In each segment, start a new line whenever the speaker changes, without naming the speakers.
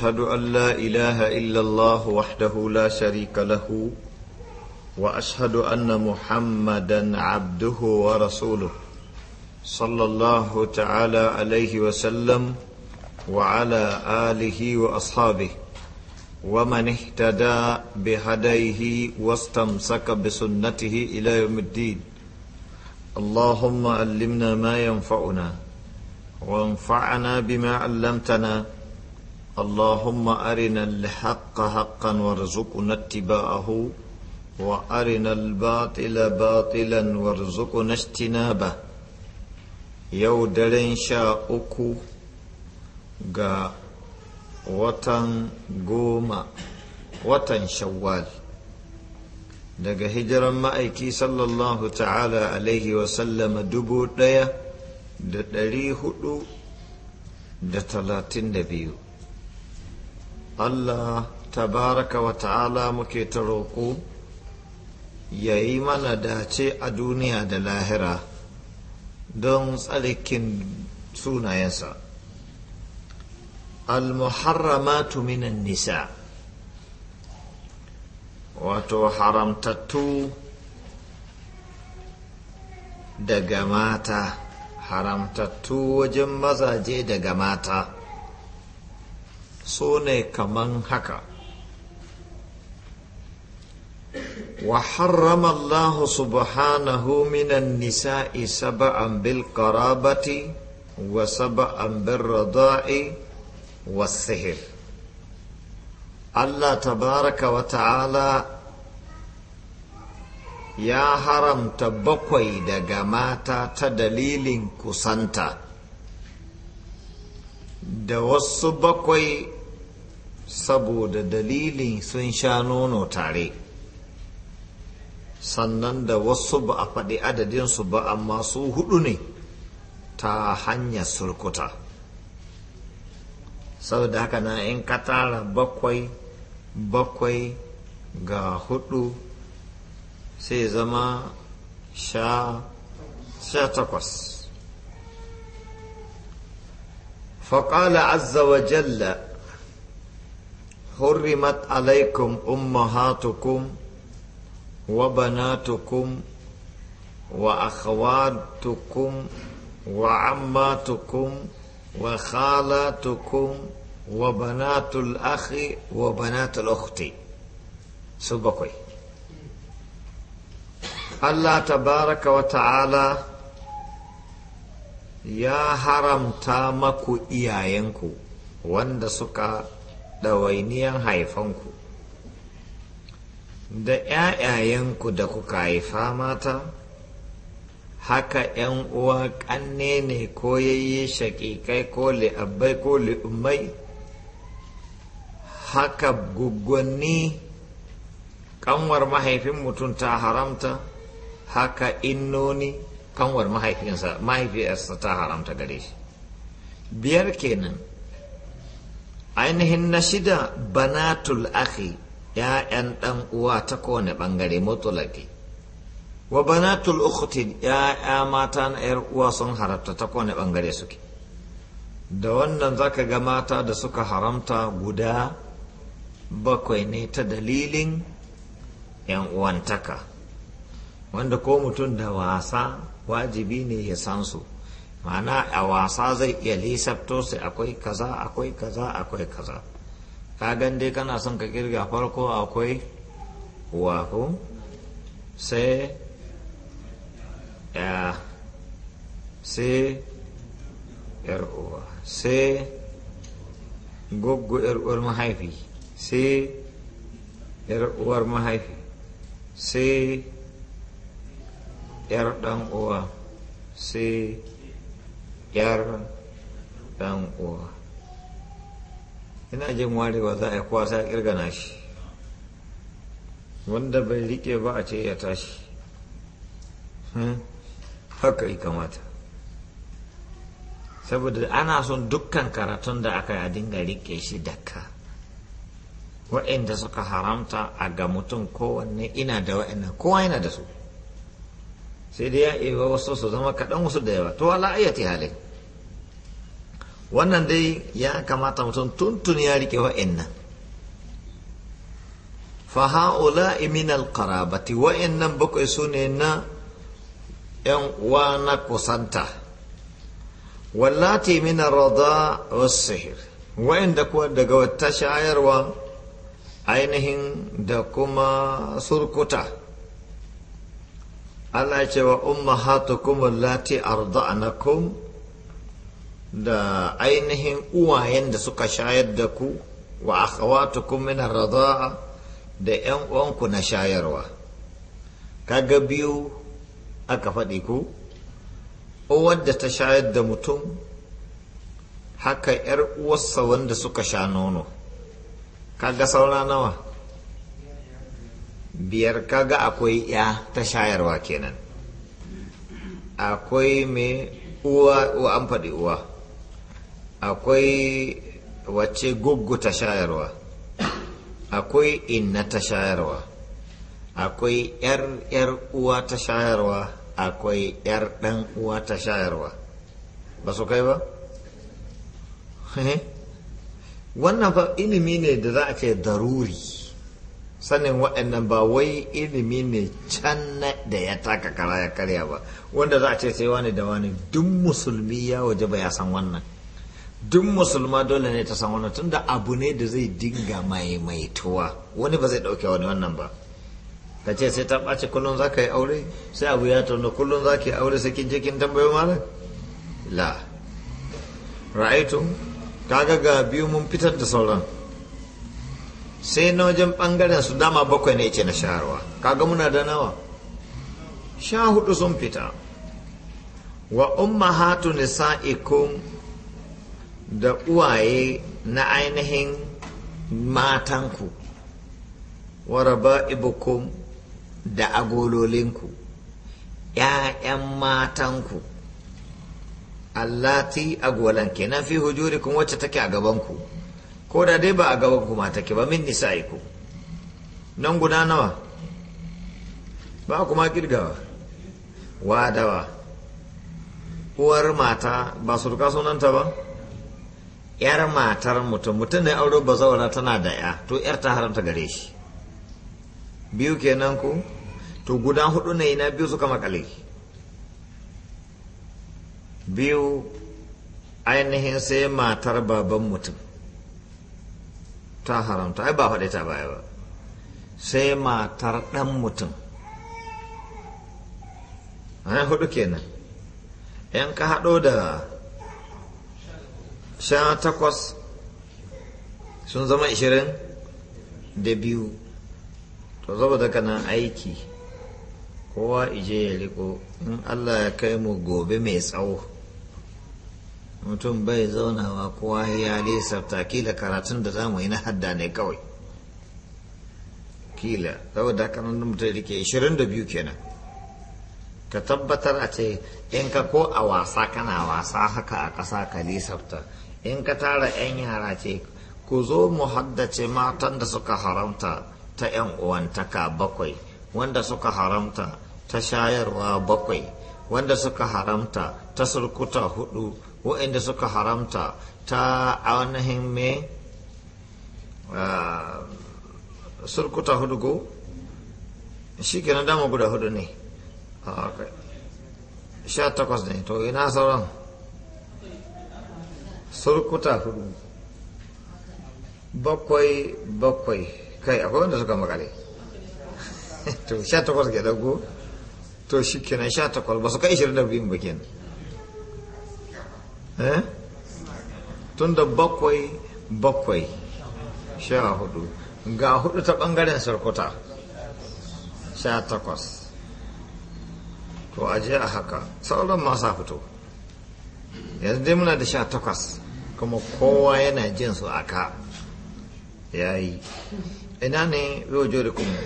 واشهد ان لا اله الا الله وحده لا شريك له واشهد ان محمدا عبده ورسوله صلى الله تعالى عليه وسلم وعلى اله واصحابه ومن اهتدى بهديه واستمسك بسنته الى يوم الدين اللهم علمنا ما ينفعنا وانفعنا بما علمتنا اللهم أرنا الحق حقا وارزقنا اتباعه وأرنا الباطل باطلا وارزقنا اجتنابه يو درين شاء أكو غا وطن قوما watan shawwal daga hijiran ma'aiki sallallahu ta'ala alaihi wasallama dubu ɗaya da ɗari hudu da talatin da biyu Allah tabaraka wa ta'ala muke ta roƙo ya yi mana dace a duniya da lahira don tsalikin sunayensa al-muharramatu minan nisa wato haramtattu daga mata haramtattu wajen mazaje daga mata so ne kaman haka wa harrama Allah subhanahu minan nisa'i saba'an bil qarabati wa saba'an bir wa sihir Allah tabaraka wa ta'ala ya haramta bakwai daga mata ta dalilin kusanta da wasu bakwai saboda dalilin sun sha nono tare sannan da wasu ba a faɗi adadinsu ba amma su hudu ne ta hanyar surkuta saboda haka na in ka tara bakwai bakwai ga hudu sai zama sha sha takwas faƙala azza wa jalla حرمت عليكم أمهاتكم وبناتكم وأخواتكم وعماتكم وخالاتكم وبنات الأخ وبنات الأخت سبقوي الله تبارك وتعالى يا حرم تامك إياينكو wanda suka ɗawainiyan haifanku da ‘ya'yayenku da kuka haifa mata haka ‘yan uwa ƙanne ne ko yayi shaƙiƙai ko li'abbai ko li'ummai haka guggwanni ƙanwar mahaifin mutum ta haramta haka innoni ƙanwar mahaifinsa mahaifiyarsa ta haramta gare shi biyar kenan ainihin na shida banatul akhi ‘ya'yan ɗan uwa ta kowane ɓangare mutulaki wa banatul ukhti ‘ya'ya mata na ‘yar uwa sun haramta ta kowane ɓangare suke da wannan zaka ga mata da suka haramta guda bakwai ne ta dalilin ‘yan uwantaka wanda ko mutum da wasa wajibi ne ya san su ma'ana a wasa zai iya lisafto sai akwai kaza akwai kaza akwai kaza ka dai kana son ka kirga farko akwai wahu sai ya sai yar sai gugu yar uwar mahaifi sai yar uwar mahaifi sai yar dan uwa sai yaron dan uwa ina jin warewa za a yi kwasa ya kirgana shi wanda bai rike ba a ce ya tashi hmm? haka yi kamata saboda ana son dukkan karatun da aka yi a dinga rike shi da ka wa'inda suka haramta a ga mutum kowanne ina da wa'annan kowa yana da su sai dai ya iya wasu su zama kaɗan wasu da yawa to ala ayyati halin wannan dai ya kamata mutum tuntun ya rike wa'annan fa ha'ula karabati alqarabati nan bakwai sune na yan uwa na kusanta wallati mina arda was wa'in da kuwa daga wata shayarwa ainihin da kuma surkuta Allah ya ce wa kuma lati arda'anakum da ainihin uwayen da suka shayar da ku wa akhawatukum min ar razaa da yan uwanku na shayarwa kaga biyu aka faɗi ku uwar da ta shayar da mutum haka yar uwarsa wanda suka sha nono kaga saura nawa biyar kaga akwai ya ta shayarwa kenan akwai mai uwa an faɗi uwa akwai wace goggo ta shayarwa akwai inna ta shayarwa akwai yar yar uwa ta shayarwa akwai yar dan uwa ta shayarwa ba su kai ba eh? wannan fa ilimi ne da za a ce daruri sanin waɗannan ba wai ilimi ne can da ya taka kara ya karya ba wanda za a ce sai wani da wani duk musulmi ya waje ba ya san wannan duk musulma dole ne ta san wannan tunda abu ne da zai dinga maimaituwa wani ba zai dauke wani wannan ba ka ce sai ta ɓace kullum za ka yi aure sai abu ya tauna kullum za ka yi aure sai kin kin tambayo malam la ra'aitu kaga ga biyu mun fitar da sauran sai na wajen ɓangaren su dama bakwai ne ce na shaharwa kaga muna da nawa sha hudu sun fita wa umma hatu nisa'ikum da uwaye na ainihin matanku waraba ibukum da agololinku ‘ya'yan matanku allati agolan kenan fi kun wacce take a gabanku ko da dai ba a gabanku ma take ba min nisa nisa'iku nan guda nawa ba kuma kirgawa wadawa uwar mata ba rika sunanta ba yar matar mutum mutum ne aure ba zaura tana da ya to yar ta haramta gare shi biyu kenan ku to guda hudu ne na biyu suka makale biyu ainihin sai matar baban mutum ta haramta ai ba faɗi ta baya ba sai matar ɗan mutum ai hudu kenan yan ka haɗo da sha takwas sun zama ishirin da biyu to saboda kana aiki kowa ije ya riko in allah ya kai mu gobe mai tsawo mutum bai zaunawa kowa ya lissafta kila karatun da zamu yi na hadda ne kawai kila saboda haka nan mutum rike da biyu kenan ka tabbatar a ce in ka ko a wasa kana wasa haka a ƙasa ka lissafta in ka tara 'yan yara ce ku zo mu haddace matan da suka haramta ta 'yan uwantaka bakwai wanda suka haramta ta shayarwa bakwai wanda suka haramta ta surkuta hudu wa'inda suka haramta ta ainihin me surkuta hudu go shi kenan dama guda hudu ne ah, sha takwas ne to ina sauran surkuta hudu bakwai bakwai kai akwai wanda suka makale to sha takwas ke dago to shi kenan sha takwas ba su kai ishirin da biyun bakin eh tun da bakwai bakwai sha hudu ga hudu ta bangaren sarkuta sha takwas to aje a haka sauran masa fito yanzu dai muna da sha takwas kuma kowa yana jin su a ka ya yi ina ne da kuma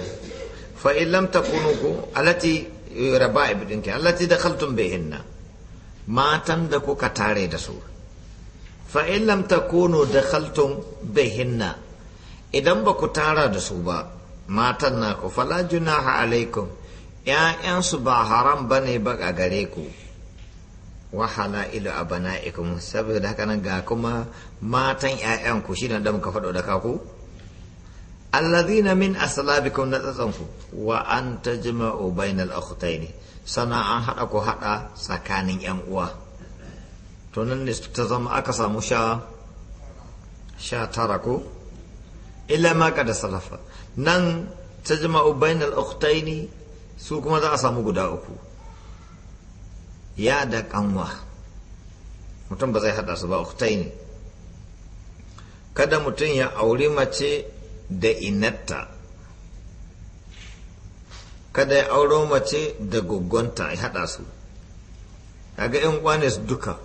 fa'in lam takunu ku alati eh, raba ibidinki alati da kaltun hinna. matan da kuka tare da su fa'in lam kunu da kaltun hinna. idan ba ku tara da su ba matan na ku falajuna junaha alaikum ‘ya'yansu ba haram ba ne ba a gare ku’ wahala ilu a bana'ikum saboda haka nan ga kuma matan 'ya'yanku shi da muka faɗo da kaku allazina min kuma na ku wa an tajma'u bainal ne sana an haɗa ku haɗa tsakanin 'yan uwa to ne ta zama aka samu sha sha tara ko ila ma da salafa nan ta tajma'u bainal ne su kuma za a samu guda uku ya da kanwa mutum ba zai hada su ba uktai ne kada mutum ya auri mace da inatta kada ya auro mace da gugunta ya hada su kaga yan uwa su duka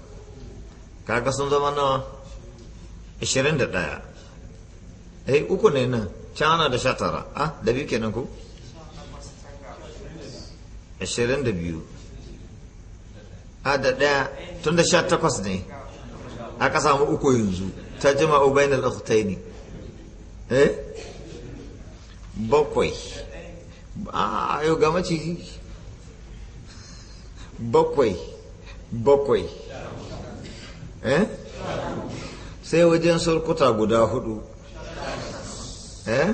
kaga sun zama nawa 21 eh uku ne nan cana da sha tara a ah, da biyu kenan ku 22 a daya tun da sha takwas ne aka samu uku yanzu ta jima ubain al-ukhtai ne eh bakwai a ah, yau ga maciji bakwai bakwai eh sai wajen surkuta guda hudu eh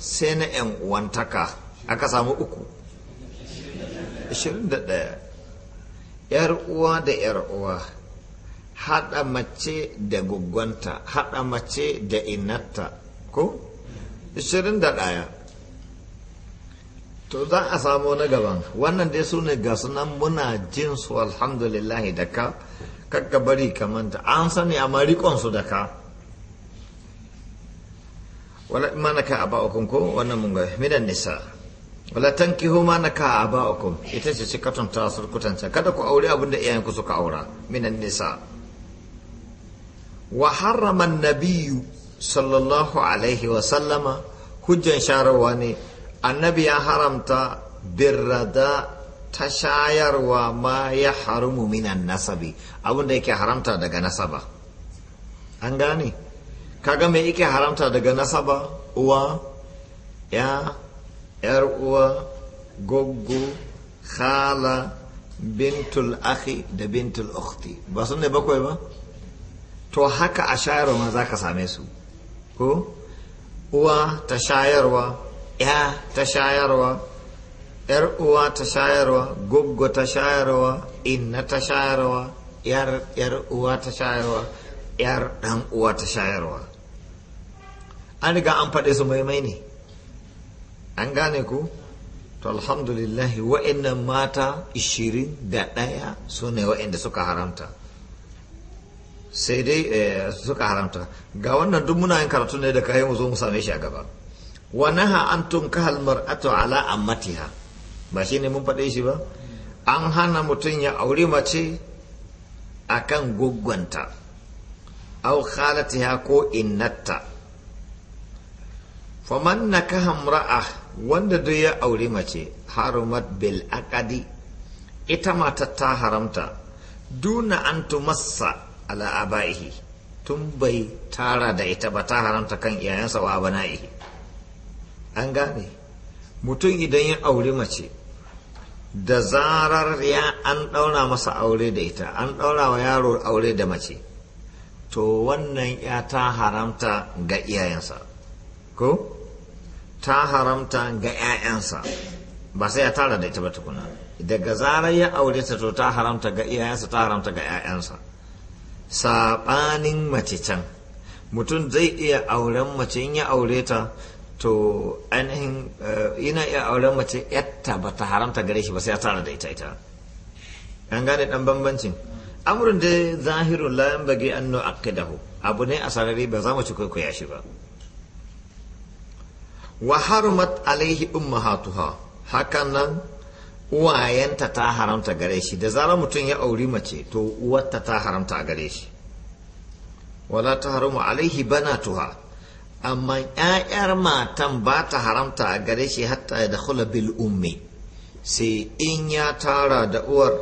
sai na 'yan uwantaka aka samu uku 21 'yar uwa da 'yar uwa haɗa mace da goggonta hada mace da inatta ko 21 to za a samu na gaban wannan dai su ne ga sunan muna jinsu su alhamdulillahi da ka kakka bari kamanta an sani a marikonsu da ka wani mana ka a ba'ukun ko wannan mun ga nisa wala tankihu ma naka aba'ukum ita ce cikatun ta surkutanta kada ku aure abinda iyayen ku suka aura minan nisa wa harrama nabiyyu sallallahu alaihi wa sallama hujjan sharawa ne annabi ya haramta birrada ta shayarwa ma ya haramu minan nasabi abinda yake haramta daga nasaba an gane kaga me yake haramta daga nasaba uwa ya 'yar uwa goggo khala bintul akhi da bintul ukhti ba sun ne bakwai ba to haka a shayarwa ma za ka same su ko uwa ta shayarwa ya ta shayarwa yar uwa ta shayarwa goggo ta shayarwa inna ta shayarwa yar yar uwa ta shayarwa yar dan uwa ta shayarwa an riga an faɗe su maimai ne an gane ku to alhamdulillah wa'annan mata 21 su ne wa'anda suka haramta sai dai eh, suka haramta ga wannan duk muna yin karatu ne da kayan zo mu same shi a gaba wa naha an halmar ato ala ammatiha ba ne mun faɗe shi ba an hana mutum ya aure mace akan gwaggwanta au khalatiha ko innatta faman nakaha imra'ah wanda duk ya auri mace harumat bil akadi ita mata ta haramta duna an tumassa ala abaihi tun bai tara da ita ba ta haramta kan iyayensa wa bana'ihi an gane mutum idan ya auri mace da zarar ya an ɗaura masa aure da ita an ɗaura wa yaro aure da mace to wannan ya ta haramta ga iyayensa ko ta haramta ga 'ya'yansa ba sai ya tara da ita ba tukuna daga zarar ya aure ta to ta haramta ga iyayensa ta haramta ga 'ya'yansa saɓanin mace can mutum zai iya auren mace in ya aure ta to ainihin yana eh, iya auren mace yatta ba ta haramta gare shi ba sai ya tara da ita ita an gane dan bambancin amurin da zahirun layan bage an nu'akkidahu abu ne a sarari ba za mu ci kwaikwaya shi ba wa harumat alaihi ummahatuha hakan nan uwayenta ta haramta gare shi da zarar mutum ya auri mace to uwarta ta haramta a gare shi wala ta haramu alaihi tuha, amma 'ya'yar matan ba ta haramta a gare shi hatta da hula bil ummi sai in ya tara da uwar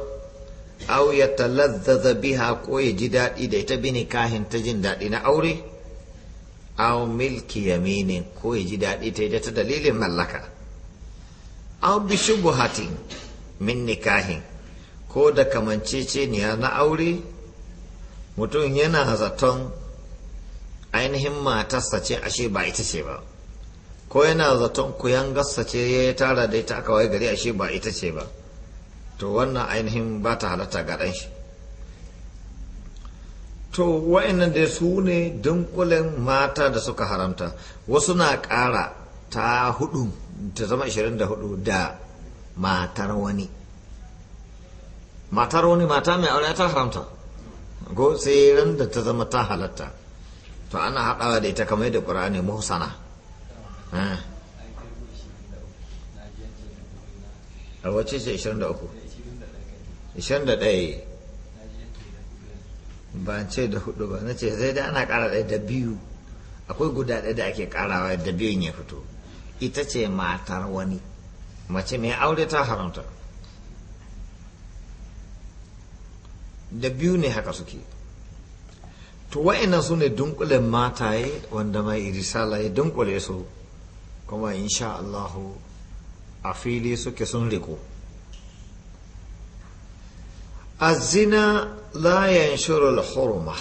au ya biha ko ya ji daɗi da ita bi kahin ta jin daɗi na aure aw milki yamini ko ya ji daɗi ta yi ta dalilin mallaka aw bi shubuhatin min nikahin ko da kamanceceniya na aure mutum yana zaton ainihin matarsa ce ashe ba ita ce ba ko yana zaton kuyangarsa ce ya yi tara da ita aka wai gari ashe ba ita ce ba to wannan ainihin ba ta halatta ga ɗan shi to wa'annan dai su ne dunkulen mata da suka haramta wasu na ƙara ta hudu ta zama 24 da matar wani matar wani mata mai aure ta haramta go sai ran da ta zama ta halatta to ana haɗawa da ita kamar da ƙura'ani muhsana a wace ce 23 21 ba ce da hudu ba na ce sai dai ana kara ɗaya da biyu akwai guda ɗaya da ake karawa da biyun ya fito ita ce matar wani mace mai aure ta haramta da biyu ne haka suke to wa'ina su ne dunkulen mataye wanda mai risala ya dunkule su kuma insha Allahu a fili suke sun riko A الزنا لا ينشر الحرمة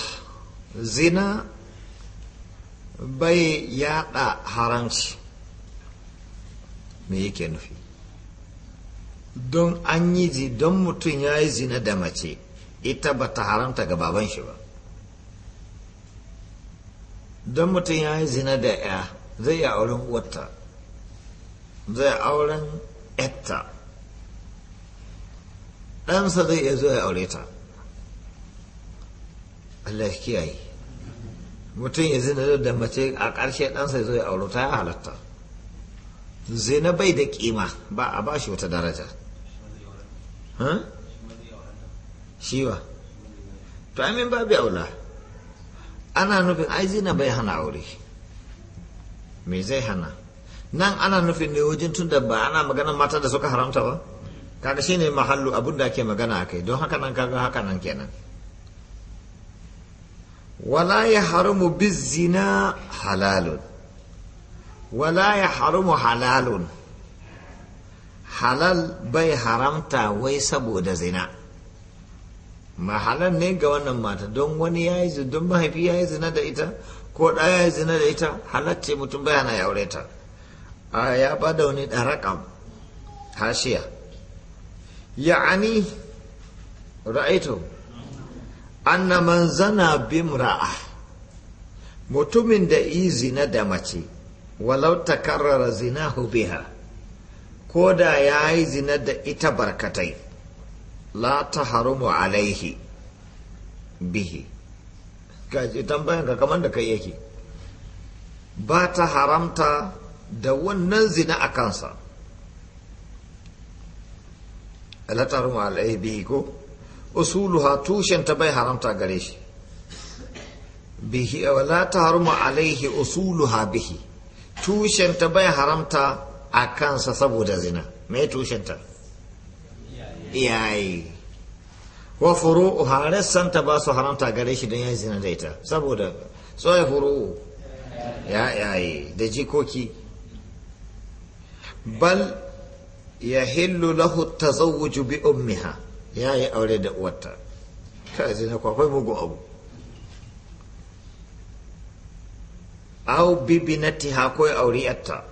zina bai yaɗa haramci me yake nufi don an yi ji don mutum ya yi zina da mace ita bata haramta ga baban shi ba don mutum ya yi zina da ya zai yi auren uwarta zai auren yatta ɗansa zai iya zuwa ya aure ta Allah ya kiyaye mutum ya zina da mace a ƙarshe ɗansa ya zo ya aure ta ya halatta zina bai da ƙima ba a ba shi wata daraja shi ba to amin babu aula ana nufin ai zina bai hana aure me zai hana nan ana nufin ne wajen tunda ba ana magana mata da suka haramta ba kaga shine mahallu abun da ake magana akai don haka nan kaga haka nan kenan wala ya haramu bizina halalun wala ya haramu halalun halal bai haramta wai saboda zina ma halal ne ga wannan mata don wani ya yi don mahaifi ya yi zina da ita ko da ya yi zina da ita ce mutum bayana ya aure ta a ya ba da wani ɗaraƙam hashiya يعني رأيت أن من زنى بامرأة متمن دئي زنا دمتي ولو تكرر زناه بها كودا ياي زنا دئي بركتي لا تحرم عليه به كاجي tambayan كمان kamar da kai yake ba ta haramta da la wa alai bihi ko usuluha tushen ta bai haramta gare shi bihi la taharuma alaihi usuluha bihi tushen ta bai haramta a kansa saboda zina me tushen ta iyaye wa furu harassan ta ba su haramta gare shi don ya zina da ita saboda tsoye furu ya yaye da jikoki bal ya hillu lahu tazawwuju bi ummiha ya yi aure da uwarta kai zina kwakwai mugu abu aw bi binatiha ko yatta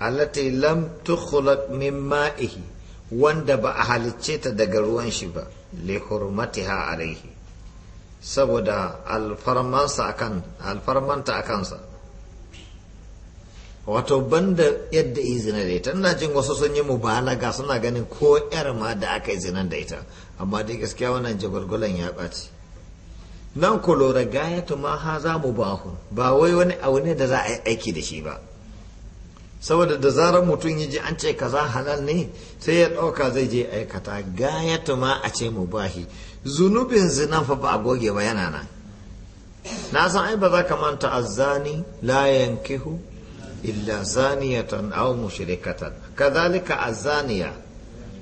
allati lam tukhlaq min ma'ihi wanda ba a halicce ta daga ruwan shi ba li hurmatiha alaihi saboda alfarmansa akan alfarmanta akansa wato banda yadda yi zina da ita ina jin wasu sun yi mubalaga suna ganin ko yar ma da aka yi zinan da ita amma dai gaskiya wannan jagwalgwalan ya ɓaci nan ku lura gayatu ma ha za mu bahu ba wai wani abu ne da za a yi aiki da shi ba saboda da zarar mutum ya ji an ce kaza halal ne sai ya ɗauka zai je aikata gayatu ma a ce mu bahi zunubin zinan fa ba a goge ba yana nan na san ai ba za ka manta azzani la yankihu Illa zani ya taunawon shirikatar. Kazar a zaniya.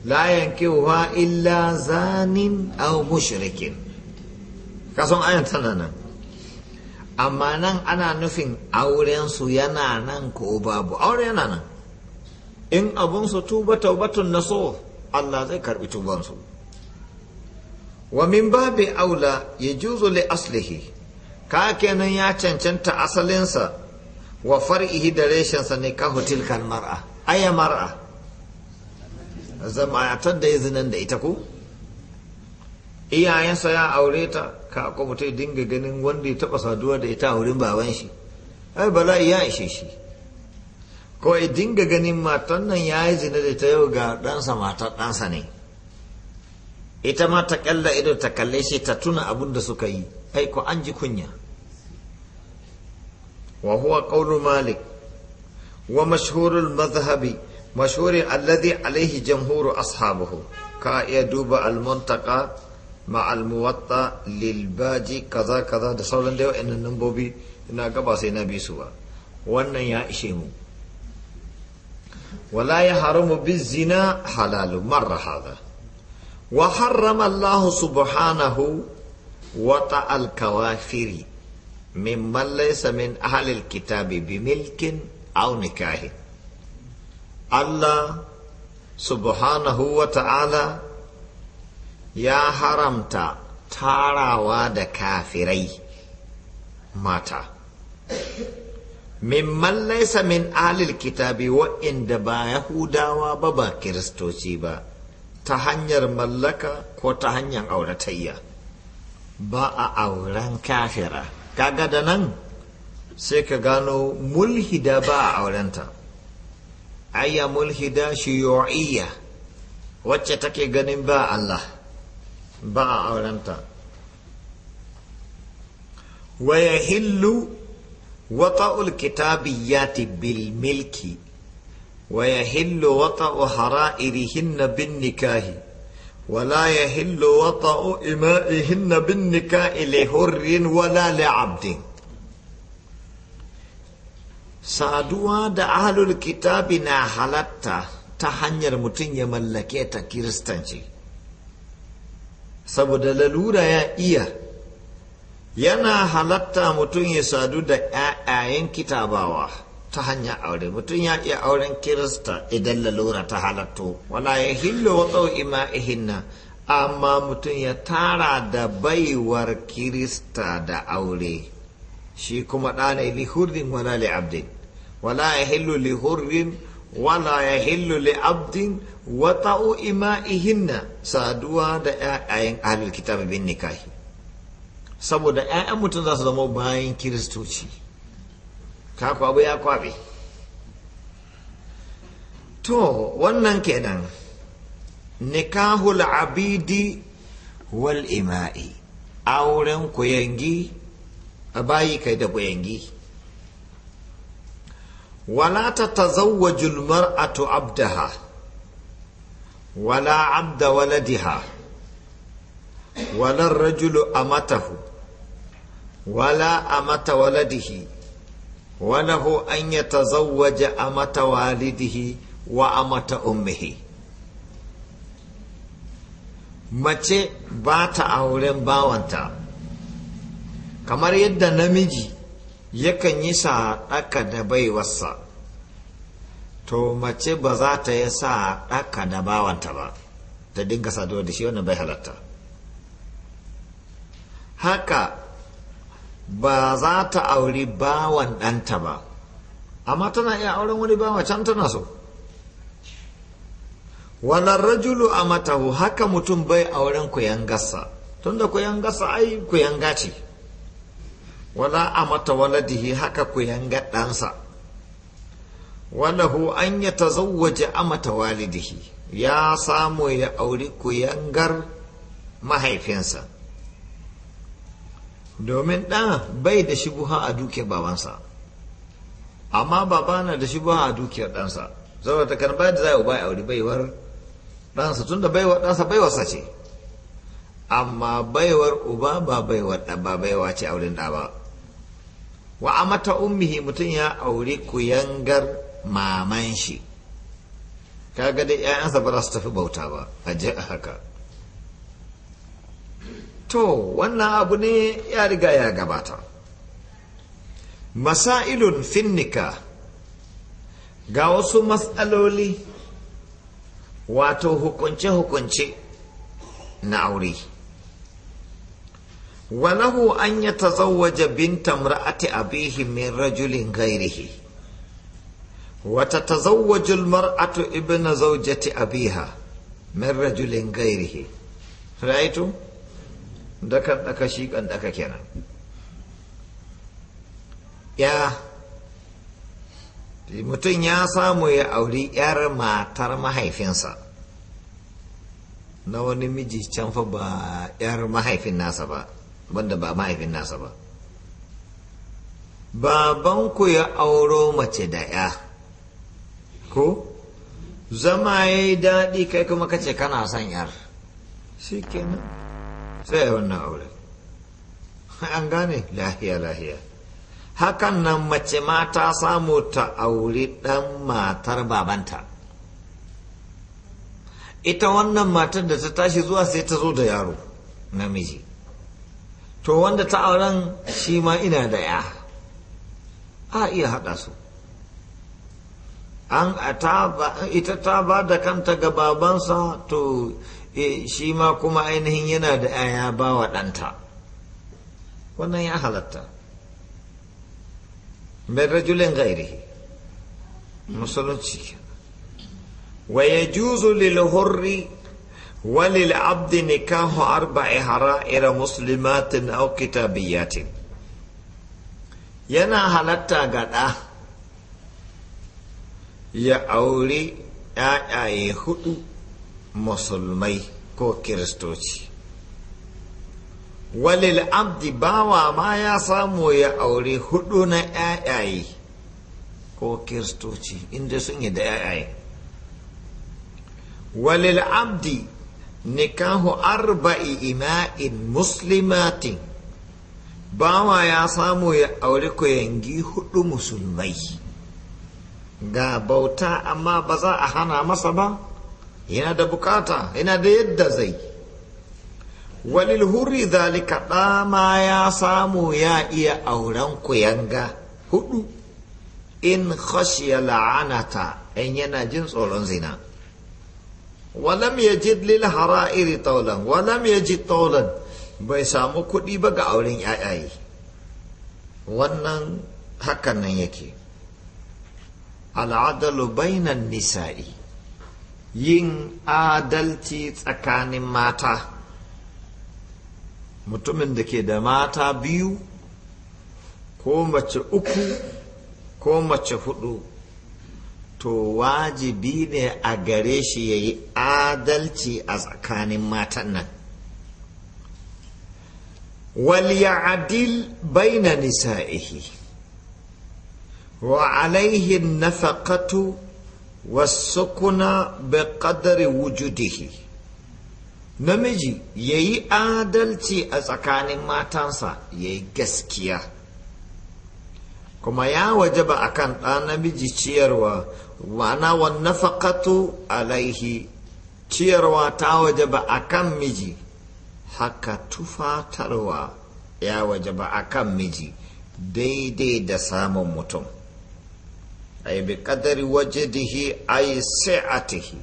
La yankin wa illa zanin awa mun shiriki. Kasan ayanta nan. Amma nan ana nufin, aurensu yana nan ko babu aure yana nan. In abun su tuba taubatun na so, Allah zai karbi tuban su. Wa min babin aula ya juzuli asalihe. Kakenan ya cancanta asalinsa. wa far'ihi da reshensa ne ka tilkan mar'a aya mar'a Zama zamatar da izinin da ita ku iyayensa ya aure ta ka ko dinga ganin wanda ya taba saduwa da ita a wurin baban shi ai bala ya ishe shi ko dinga ganin matan nan ya yi zina da ta yau ga ɗansa matar ɗansa ne ita ma ta ƙalla ido ta kalle shi ta tuna abin da suka yi ai ko an ji kunya وهو قول مالك ومشهور المذهب مشهور الذي عليه جمهور أصحابه كأيدوب المنطقة مع الموطأ للباجي كذا كذا da sauran da yawa nambobi ina gaba sai na bi su ba wannan ya ishe mu wala ya haramu bi halalu marra wa harrama subhanahu wata alkawafiri mimman laysa min ahlil kitabi bi milkin aw nikahin Allah subhanahu wa ta'ala ya haramta tarawa da kafirai mata mimman laisa min alil kitabi wa'inda ba yahudawa ba ba kiristoci ba ta hanyar mallaka ko ta hanyar auratayya ba a auren kafira kaga da nan sai ka gano mulhida ba a aurenta ayya mulhida shiyu'iyya wacce take ganin ba Allah ba a aurenta wa yahillu wata'ul kitabiyyati bil milki wa yahillu wata'u hara'irihinna bin nikahi ولا يهل وطأ إمائهن بالنكاء لحر ولا لعبد saduwa da ahlul kitabi na halarta ta hanyar mutum ya mallake ta kiristanci saboda lalura ya iya yana halarta mutum ya sadu da 'ya'yayen kitabawa ta hanya aure mutum ya iya auren kirista idan lalura ta halatto wala ya hillo wa ima ihinna amma mutum ya tara da baiwar kirista da aure shi kuma ɗane lihurrin wala li abdin wala ya hillo lihurrin wala ya hillo li abdin wa ta'u ihinna saduwa da 'ya'yan ahlul kitab bin nikahi saboda 'ya'yan mutum za su zama bayan kiristoci ka ya kwabe to wannan kenan nikahul abidi wal ima'i auren kuyangi a bayi kai da kuyangi wala ta tazawwajul mar'atu abdaha wala abda waladiha wala rajulu amatahu wala amata waladihi وله أن يتزوج أمة والده وأمة أمه mace ba ta auren bawanta kamar yadda namiji yakan yi saɗaka da baiwarsa to mace ba za ta yi saɗaka da bawanta ba ta dinga saduwa da shi wannan bai halatta haka ba za ta auri bawan ɗanta ba amma tana iya auren wani bawa can tana so walar rajulu a matahu haka mutum bai auren kuyangarsa tunda gasa ai kuyan gaci wala a mata waladihi haka kuyanga ɗansa walahu an ya tazawwaje a mata walidihi ya samu ya auri kuyangar mahaifinsa domin ɗan bai da shubuha a dukiyar babansa amma baba na da shubuha a dukiyar ɗansa saboda kan ba da za a bai aure baiwar ɗansa tun da baiwar ɗansa baiwarsa ce amma baiwar uba ba baiwar ɗan ba baiwa ce auren ɗa ba wa amata ummihi mutum ya aure kuyangar maman shi kaga dai 'ya'yansa ba za su tafi bauta ba a a haka to wannan abu ne ya riga ya gabata masailun finnika ga wasu matsaloli wato hukunce-hukunce na aure walahu an ya tazawwaja binta a abihi min rajulin gairihi wata tazawwajul mar'atu ibna zaujati abiha min rajulin gairihi raitu dakan daka shi kan daka kenan ya mutum ya samu ya auri yar matar mahaifinsa na wani miji can fa ba yar mahaifin nasa ba wanda ba mahaifin nasa ba babanku ya auro mace da ya ko zama ya yi daɗi kai kuma kace kana son yar shi kenan sai wannan aure an gane lahiya lahiya hakan nan mace mata samu ta auri ɗan matar babanta ita wannan matar da ta tashi zuwa sai ta zo da yaro namiji to wanda ta auren shi ma ina da ya a ah, iya haɗa su an ita ta ba da kanta ga babansa to Eh, shi ma kuma ainihin yana da aya ba wa ɗanta wannan ya halatta mai rajulin gairi musulunci wa ya juzu lil hurri wa lil abdi nikahu arba'i hara'ira muslimatin aw kitabiyatin yana halatta ga ɗa ya aure ‘ya'yaye hudu musulmai ko kiristoci walil abdi bawa ma ya samu ya aure hudu na yayaye ko kiristoci inda sun yi da yayaye walil abdi nikahu arba'i ima'in muslimatin bawa ya samu ya aure yangi hudu musulmai ga bauta amma ba za a hana masa ba yana da bukata yana da yadda zai walil hurri zalika ɗa ma ya samu ya iya auren kuyanga hudu in khashiya la'anata in yana jin tsoron zina walam yajid lil hara'iri taulan walam yajid taulan bai samu kuɗi ba ga auren yayaye wannan hakan nan yake al'adalu bainan nisa'i yin adalci tsakanin mata mutumin da ke da mata biyu ko mace uku ko mace hudu to wajibi ne a gare shi ya yi adalci a tsakanin matan nan adil nisa'ihi wa wa na faƙatu. wasukuna bi qadari wujudihi namiji ya yi adalci a tsakanin matansa ya yi gaskiya kuma ya wajaba a kan ɗan namiji ciyarwa ma'ana wannan faƙatu alaihi ciyarwa ta wajaba a kan miji haka tufatarwa ya wajaba a kan miji daidai da samun mutum ay bi qadari sai ay sa'atihi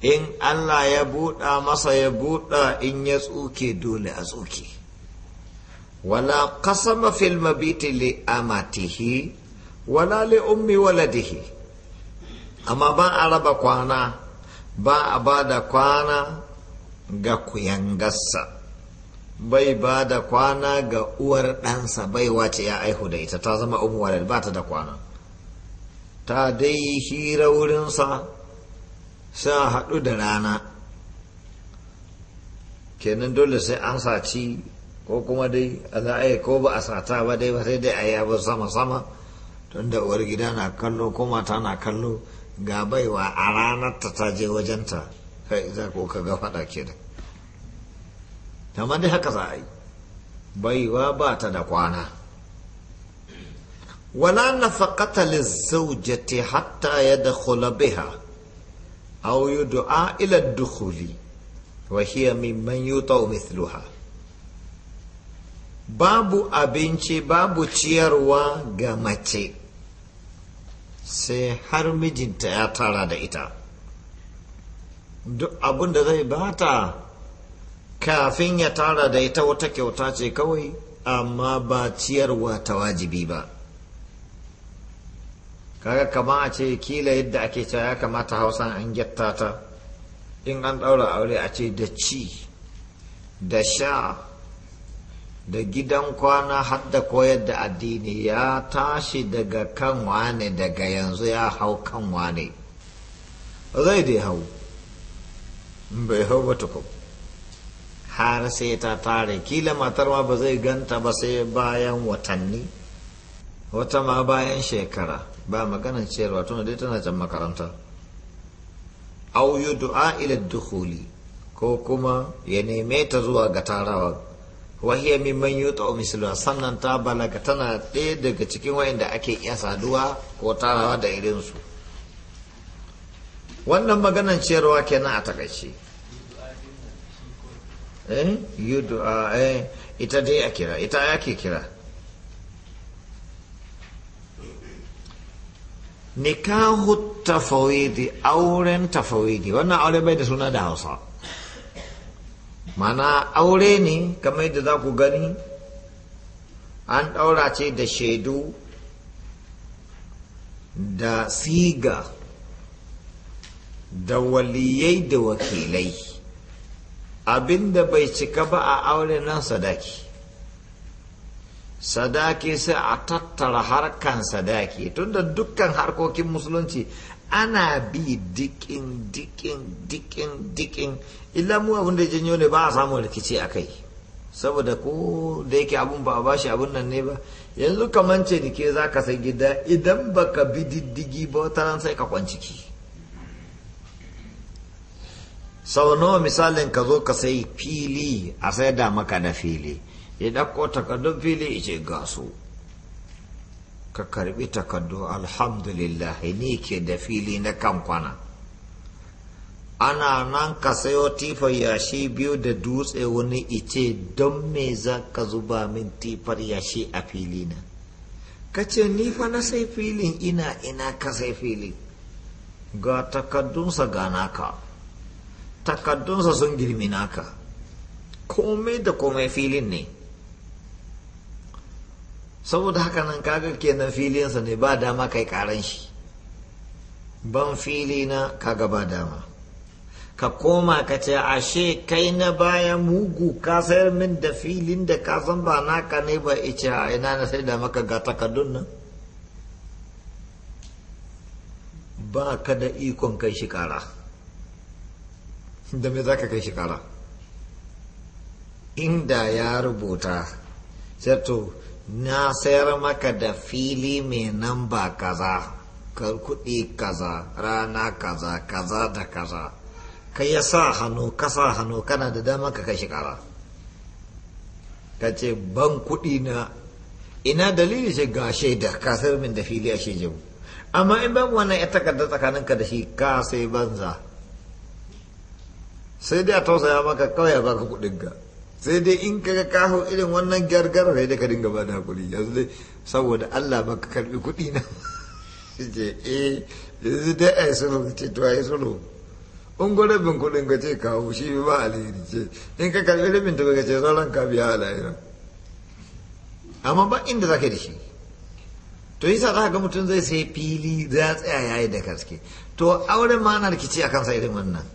in Allah ya buɗa masa ya buɗa in ya tsuke dole a tsuke wala qasama fil mabiti li amatihi wala li ummi waladihi amma ba a raba kwana ba a ba da kwana ga kuyangarsa bai ba da kwana ga uwar ɗansa bai wace ya aihu da ita ta zama umuwalar ba ta da kwana ta dai hira wurinsa sa haɗu da rana kenan dole sai an saci ko kuma dai a za ko ba a sata ba dai ba sai dai a yi sama-sama tun da uwar gida na kallo ko mata na kallo ga baiwa a ranar ta ta je wajenta kai za ko ka ga faɗa ke da dai haka za a yi baiwa ba ta da kwana ولا نفقة للزوجة حتى يدخل بها أو يدعى إلى الدخول وهي ممن يطع مثلها babu abinci babu ciyarwa ga mace sai har mijinta ya tara da ita duk abin da zai bata kafin ya tara da ita wata kyauta ce kawai amma ba ciyarwa ta wajibi ba kaga kama a ce kila yadda ake cewa ya kamata hausan an getta ta in an ɗaura aure a ce da ci da sha da gidan kwana har da koyar da addini ya tashi daga kan wane daga yanzu ya hau kan wane zai dai hau bai hau ba tukun har sai ta tare kila matar ma ba zai ganta ba sai bayan watanni wata ma bayan shekara ba maganan ciyarwa tuna dai tana jan makaranta au yi du'a ila dukhuli ko kuma ya neme ta zuwa ga tarawa wahiya mimman yuta misluha sannan ta balaga tana ɗaya daga cikin wayanda ake iya saduwa ko tarawa da irinsu wannan maganan ciyarwa kenan a takaice eh, eh ita dai a kira ita ake kira nikahu tafawidi auren tafawidi wannan aure bai da suna da hausa mana aure ne kamar yadda za ku gani an ɗaura ce da shaidu da siga da waliyai da wakilai abinda bai cika ba a aure nan sadaki sadaki sai a tattara harkan sadaki tunda dukkan harkokin musulunci ana bi dikin dikin dikin dikin illa mu abin da janyo ne ba a samu rikici a kai saboda ko da yake abun ba a bashi abun nan ne ba yanzu kaman ce da ke za ka sai gida idan ba ka bi diddigi ba wata ran sai ka kwanci ki sau nawa misalin ka zo ka sai fili a sai da maka da fili ya ɗauko takardun fili ce ga su ka karbi takardu alhamdulillah ni ke da fili na kan ana nan ka sayo tifar yashi biyu da dutse wani ice don me za ka zuba min tifar yashi a fili na ka ce ni fa na sai filin ina ina ka sai fili ga takaddunsa ga naka takaddunsa sun girmi naka komai da komai filin ne saboda haka nan kaga kenan filinsa ne ba dama kai karan shi ban fili na kaga ba dama ka koma ka ce ashe kai na baya mugu ka sayar min da filin da ka san ba naka ne ba ice a ina na sai da maka ga takardun nan ba ka da ikon kai shi kara da me za ka kai shi kara inda ya rubuta sai na sayar maka da fili mai nan ba kaza kudi kaza rana kaza kaza da kaza ka ya sa hannu ka sa hannu kana da dama ka kashi kara ka ce ban kudi na ina dalili shi ga shaida ka min da fili a shejau amma in ban wannan ya takarda tsakaninka da shi ka sai banza sai dai a tausaya maka kawai ya baka kudin ka sai dai in kaga ka irin wannan gargara sai da ka dinga ba da hakuri yanzu dai saboda Allah ba ka karbi kuɗi na ce eh yanzu dai ai sulhu ce to ai sulhu in ga bin kuɗin ka ce kawo shi ba alheri ce in ka karbi rabin ta ka ce sauran ka biya alheri amma ba inda za ka shi to yasa za ga mutum zai sai fili za a tsaya yayi da gaske to auren ma na rikici akan sa irin wannan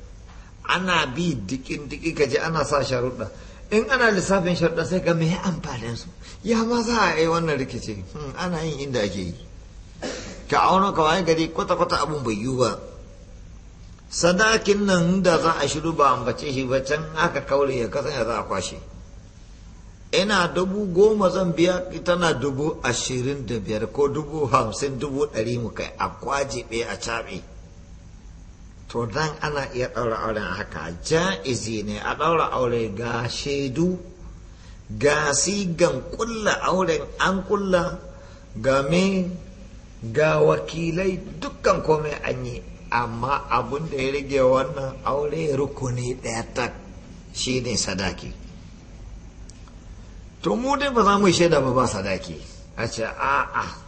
ana bi dikin diki ka je ana sa sharuɗa in ana lissafin sharɗa sai ga me amfanin su ya ma za a yi wannan rikici hmm, ana yin inda ake yi ka auna kawai gari kwata-kwata abun bai yiwu ba sadakin nan da za a shiru ba ambace shi ba can aka kaure ya kasance za a kwashe ina dubu goma zan biya tana dubu ashirin da biyar ko dubu hamsin dubu ɗari mu kai a kwaje a caɓe to dan ana iya ɗaura auren haka ja'izi ne a ɗaura aure ga shaidu ga sigan kulla auren an kulla ga me ga wakilai dukkan komai an yi amma abun da ya rage wannan aure rukuni ɗaya ta shi ne sadaki to mu dai ba za mu shaida ba ba sadaki a ce a'a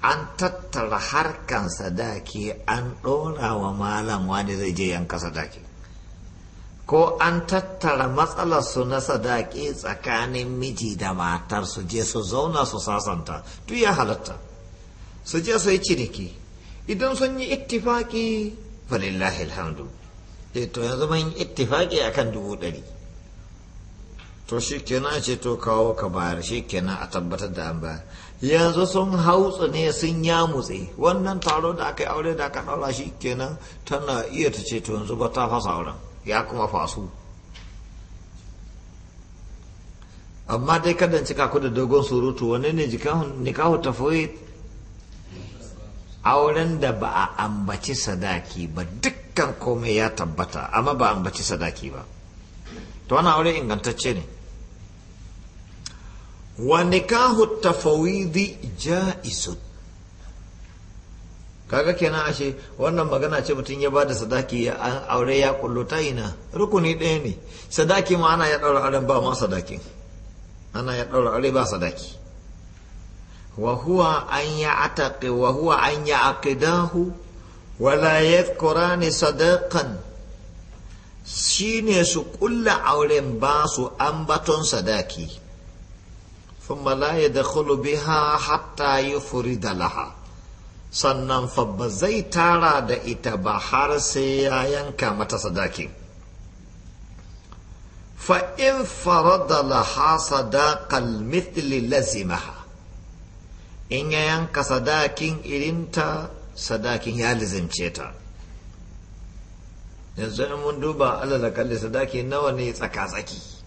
an tattara harkan sadaki an ɗora wa malam wani zai je yanka sadaki ko an tattara su na sadaki tsakanin miji da matar su je su zauna su sasanta duk ya halatta su je su yi ciniki idan sun yi ittifaki falillahi alhamdu e to yanzu mun yi ittifaki akan dubu ɗari to shi kenan ce to kawo ka bayar shi kenan a tabbatar da an bayar yanzu sun hautsu ne sun yamutse wannan taro da aka yi aure da aka ɗaura shi kenan tana iya ta ce to yanzu ba ta fasa auren ya kuma fasu amma dai kada cika ku da dogon surutu wani ne nikahu tafoyi auren da ba a ambaci sadaki ba dukkan komai ya tabbata amma ba a ambaci sadaki ba to wani aure ingantacce ne ونكاه التفويض جائز kaga kenan ashe wannan magana ce mutum ya bada sadaki ya aure ya kullu ta ina rukuni ɗaya ne sadaki ma ana ya ɗaura aure ba ma sadaki ana ya ɗaura aure ba sadaki wa huwa an ya ataqi wa huwa an ya aqidahu wa la yadhkurani sadaqan shine su kulla auren ba su ambaton sadaki ثم لا يدخل بها حتى يفرد لها sannan fa ba zai tara da ita ba har sai ya yanka mata sadaki fa in farada laha sadaqal mithli lazimaha in ya yanka sadakin irinta sadakin ya lizimce ta yanzu in mun duba alalakalli sadaki nawa ne tsaka-tsaki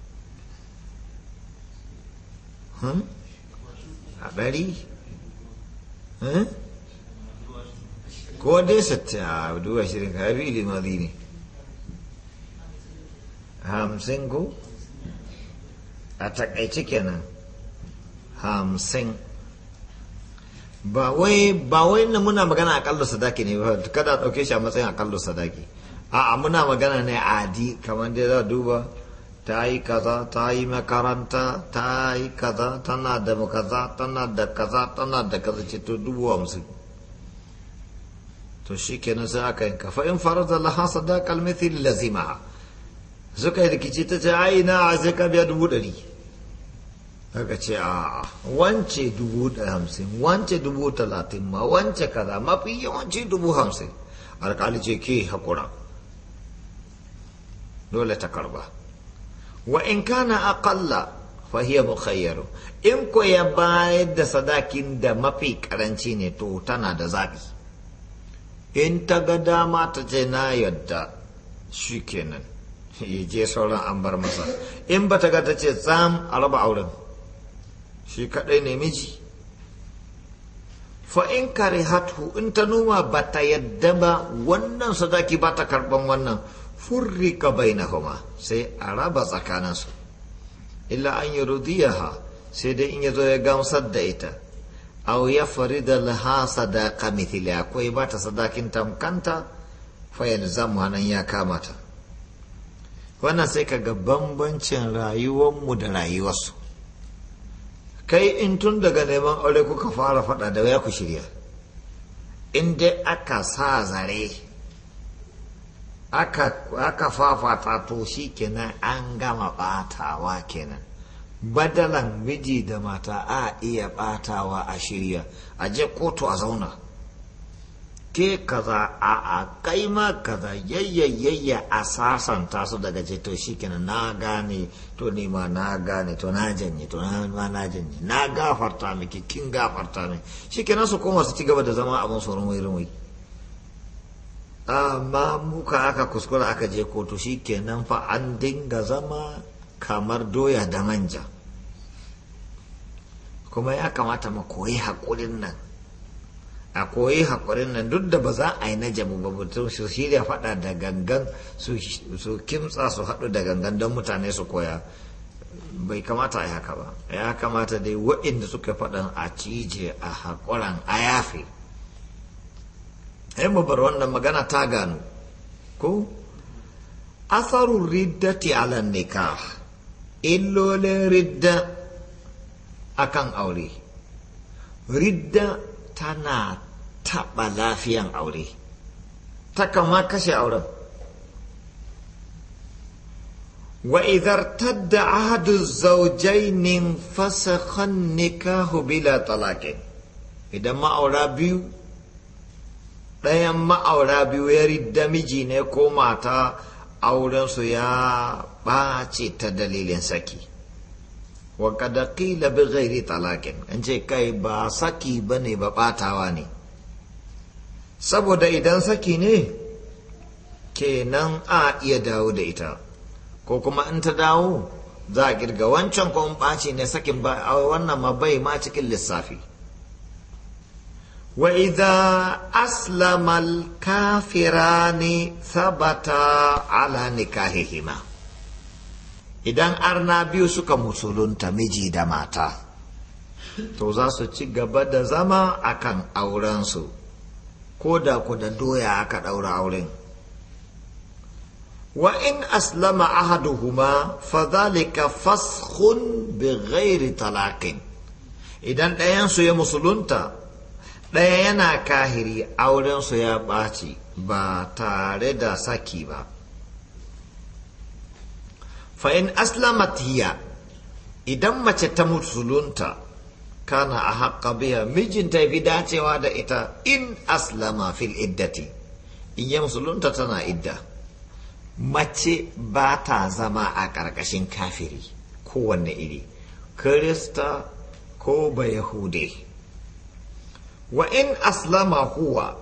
haɗari ko dai sata a duba shirin kafi mazi ne hamsin ko a takaice kenan hamsin ba wai na muna magana a akallu sadaki ne ba kada dauke shi a matsayin akallu sadaki a muna magana ne adi kamar dai za duba ta yi kaza ta yi makaranta ta yi kaza tana da kaza tana da kaza tana da kaza ce to dubu hamsin to shi kenan sai aka yanka fa in da laha da mithil lazima suka yi rikici ta ce ai na sai ka biya dubu ɗari aka ce a wance dubu hamsin wance dubu talatin ma wance kaza mafi yawanci dubu hamsin Alkali ce ke hakura dole ta karba wa in kana aƙalla fa hiya in ko ya bayar da sadakin da mafi karanci ne to tana da zaɓi. in ta ga dama ta ce na yadda kenan ya je sauran an bar masa in ba ta ga ta ce tsam a raba auren shi kaɗai ne miji fa in kare hatu in ta noma ba ta yadda ba wannan sadaki ba ta karɓan wannan furrika bainahuma sai a raba tsakaninsu illa an rudiyaha sai dai in ya zo ya gamsar da ita au ya da laha sadaka mithili akwai ba ta sadakin tamkanta fayan zamu hanan ya kamata wannan sai ka ga bambancin rayuwanmu da rayuwarsu kai in tun daga neman aure kuka fara faɗa da waya ku shirya in dai aka sa zare aka fafata to shi kenan an gama batawa kenan badalan miji da mata a iya batawa a shirya a je kotu a zauna ke kaza a a kai ma kaza yayya a sasanta su daga ce to shi kenan na gane to ni ma na gane to na janye to na ma na janye na gafarta miki kin gafarta miki shi kenan su koma su ci gaba da zama abin tsoron wai amma muka aka kuskura aka je kotu shi kenan fa an dinga zama kamar doya da manja kuma ya kamata mu koyi haƙurin nan a koyi haƙurin nan duk da ba za a yi na jamu ba mutum su shirya faɗa da gangan su kimtsa su haɗu da gangan don mutane su koya bai kamata a yi haka ba ya kamata dai waɗanda suka faɗan a cije a haƙuran a yafe ai eh, mu bar wannan magana ta gano ko asarun riddati ala nikah illolin ridda akan aure ridda tana taɓa lafiyan aure ta kama kashe auren da ahadu عهد الزوجين انفسخ النكاح بلا طلاق talakin idan ma'aura biyu. ɗayan ma'aura biyu ya ridda miji ne ko mata aurensu ya ɓace ta dalilin saki wa kada ƙila bi ghairi talakin, an ce kai ba saki ba ne ba ɓatawa ne saboda idan saki ne kenan a iya dawo da ita ko kuma in ta dawo za a girga wancan ko in ɓaci ne sakin ba wannan ma bai ma cikin lissafi وإذا أسلم الكافران ثبت على نكاحهما idan arna biyu suka musulunta miji da mata to za su ci gaba da zama akan aurensu ko da ku da doya aka ɗaura auren wa in aslama ahaduhuma fa zalika faskhun bi ghairi talaqin idan ɗayansu ya musulunta ɗaya yana kahiri aurensu ya ɓaci ba tare da saki ba fa'in aslamat hiya idan mace ta musulunta kana a haƙa biya mijinta ya fi dacewa da ita in aslama fil iddati in ya musulunta tana idda mace ba ta zama a ƙarƙashin kafiri kowanne iri kirista ko ba wa in aslama huwa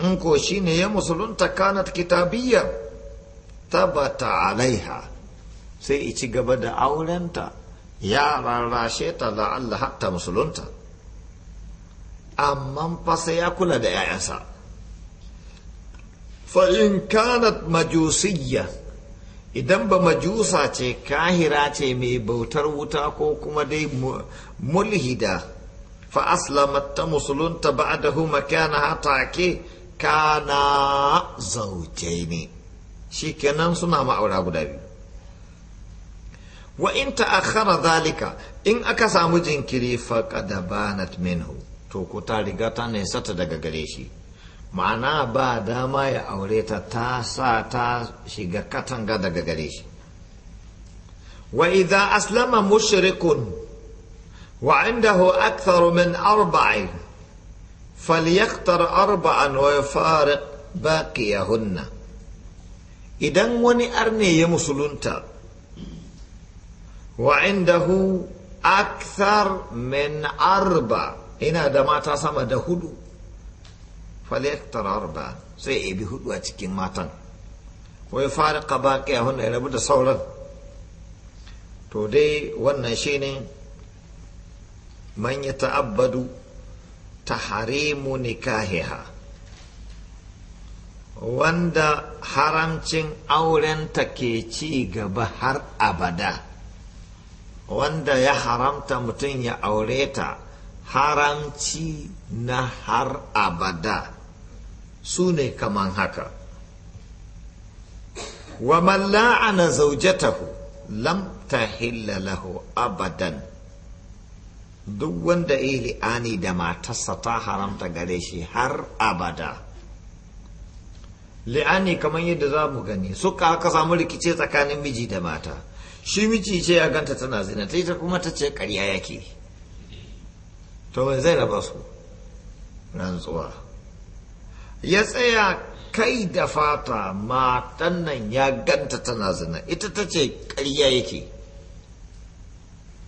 in ko shi ne ya musulunta kanat kitabiyya tabata alaiha sai i ci gaba da aurenta ya rarrashe ta da Allah hatta musulunta amma fa sai ya kula da 'ya'yansa fa in kanat majusiyya idan ba majusa ce kahira ce mai bautar wuta ko kuma dai mulhida fa aslamatta ta musulunta ba a hu makana hata ake ka na zauce ne shi kenan suna ma'aura guda biyu wa in ta a kara zalika in aka samu jinkiri fa kada ba na minhu to ku riga ta na ta daga gare shi ma'ana ba dama ya aure ta ta sa ta shiga katanga daga gare shi wa idan aslama mushrikun وعنده أكثر من أربع فليختر أربعا ويفارق باقيهن إذن وني أرني مسلونتا وعنده أكثر من أربع إنا دماتا سما دهدو فليختر أربعا سيئي بهدو أتكين ماتن ويفارق باقيهن إلا بد صولا تودي ونشيني man ya ta'abbadu taharimu nikahiha wanda haramcin aurenta ke ci gaba har abada wanda ya haramta mutum ya aure ta haramci na har abada su ne kaman haka wa man la'ana zaujatahu lam tahilla lahu abadan duk wanda ya yi li'ani da matarsa ta haramta gare shi har abada li'ani kamar yadda za mu gani suka aka samu rikice tsakanin miji da mata shi miji ce ya ganta tana zina ta yi ta kuma ta ce karya yake to mai zai raba su rantsuwa ya tsaya kai da fata matan nan ya ganta tana zina ita ta ce karya yake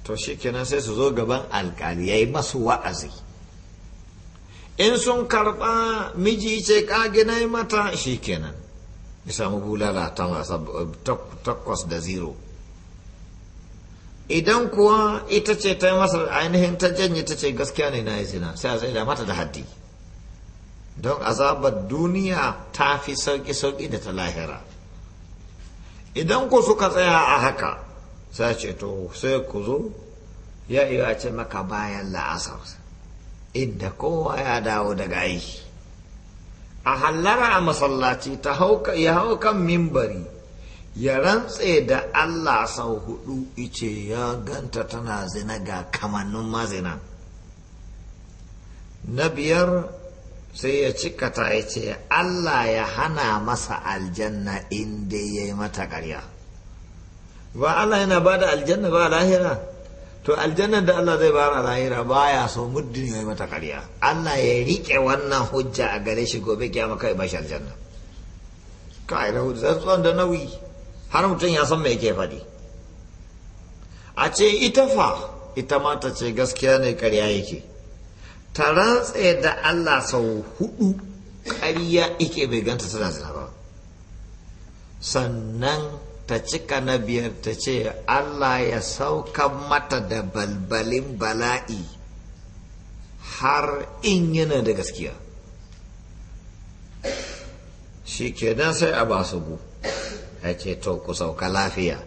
to shi kenan sai su zo gaban alkali ya yi masu wa'azi in sun karɓa miji ce yi mata shi kenan ya samu bulala takwas da zero idan kuwa ita ce ta yi masa ainihin ta janye ta ce gaskiya ne na yi zina sai a tsaye da mata da haddi don azabar duniya ta fi sauƙi-sauƙi da ta lahira idan ku suka tsaya a haka sai ce to sai ku zo ya iya ce maka bayan la'asar inda kowa ya dawo daga aiki a hallara a masallaci ta ya hau kan mimbari ya rantse da allah sau hudu ice ya ganta tana zina ga kamannin mazina na biyar sai ya ta ya ce allah ya hana masa aljanna inda ya yi mata ƙarya ba Allah yana ba da aljanna ba lahira to aljannan da Allah zai bara lahira ya so muddin ya mata karya Allah ya rike wannan hujja a gare shi gobe kiyama kai ba shi aljanna kai da hujja da nauyi har mutum ya san me yake faɗi a ce ita fa ita ma ce gaskiya ne karya yake ta rantsa da Allah sau hudu karya yake bai ganta tana zina ba sannan ta cika na biyar ta ce Allah ya sauka mata da balbalin bala'i har in yana da gaskiya shi kenan sai a basu bu ya ce to ku sauka lafiya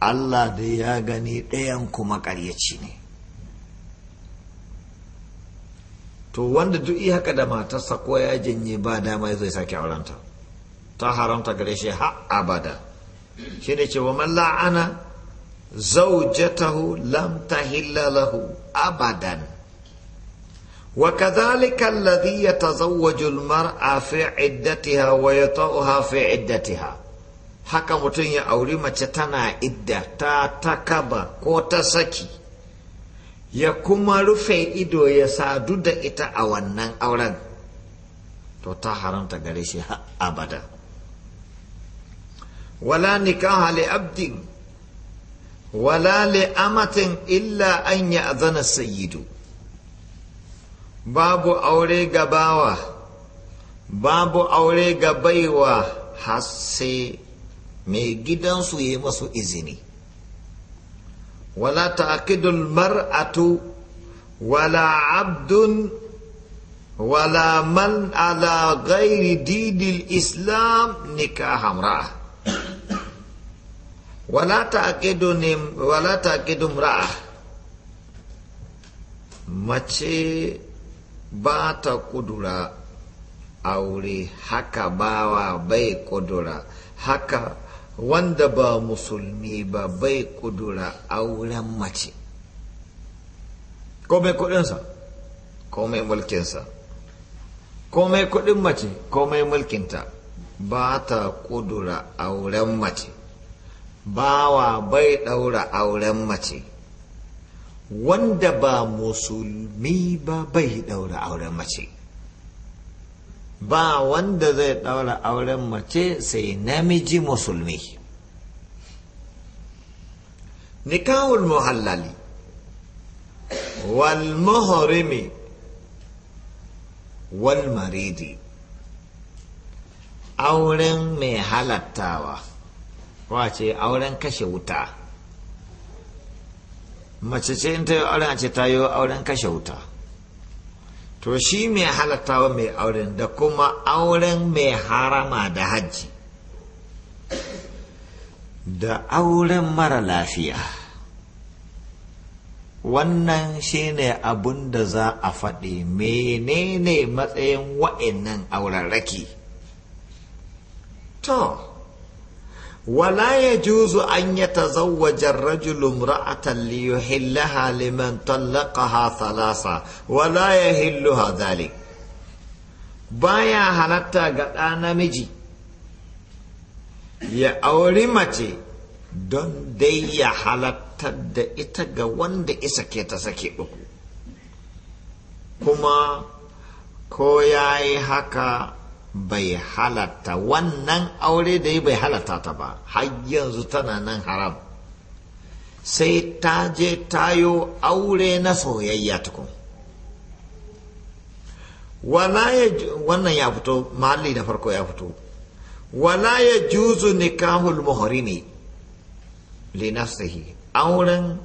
Allah da ya gani ɗayan kuma ƙaryaci ne to wanda duk iya haka da matarsa ko ya janye ba dama zai sake auranta ta haramta gare shi har abada shi ne ce wa man la'ana zaujatahu lamta tahilla abadan wa kadhalika alladhi yatazawwaju a fi iddatiha wa yata'uha fi ha. haka mutum ya auri mace tana idda ta takaba ko ta saki ya kuma rufe ido ya sadu da ita a wannan auren to ta haramta gare shi abadan. ولا نكاح لعبد ولا لأمة illa أن يأذن السيد babu aure ga babu aure ga baiwa har sai mai gidansu yi masu izini wala ta'aqidul mar'atu wala abdun wala man ala ghairi dinil islam nikah amra'ah wala ta'qidu nim wala ta'qidu ra'a mace ba ta kudura aure haka bawa bai kudura haka wanda ba musulmi ba bai kudura auren mace komai kudinsa komai mulkinsa komai kudin mace komai mulkinta ba ta kudura auren mace bawa bai ɗaura auren mace wanda ba musulmi ba bai ɗaura auren mace ba wanda zai ɗaura auren mace sai namiji musulmi nikahul muhallali wal muhrimi wal maridi auren mai halattawa wace auren kashe wuta mace ce ta yi auren a ce ta yi auren kashe wuta to shi mai halattawa mai auren da kuma auren mai harama da hajji da auren mara lafiya wannan shi ne abun da za a faɗi menene matsayin wa'annan auren raki to ولا يجوز أن يتزوج الرجل امرأة ليحلها لمن طلقها ثلاثة ولا يهلها ذلك بايا هلتا قد أنا مجي يا أولي أورمتي دون دي هلتا دا إتاقا وان دا إسكي تسكي كما كوياي هكا bai halatta wannan aure da yi bai halatta ta ba har yanzu tana nan haram sai ta je tayo aure na soyayya tukun wannan ya fito mahalli na farko ya fito wala ya juzu nikahul muhrimi li nafsihi auren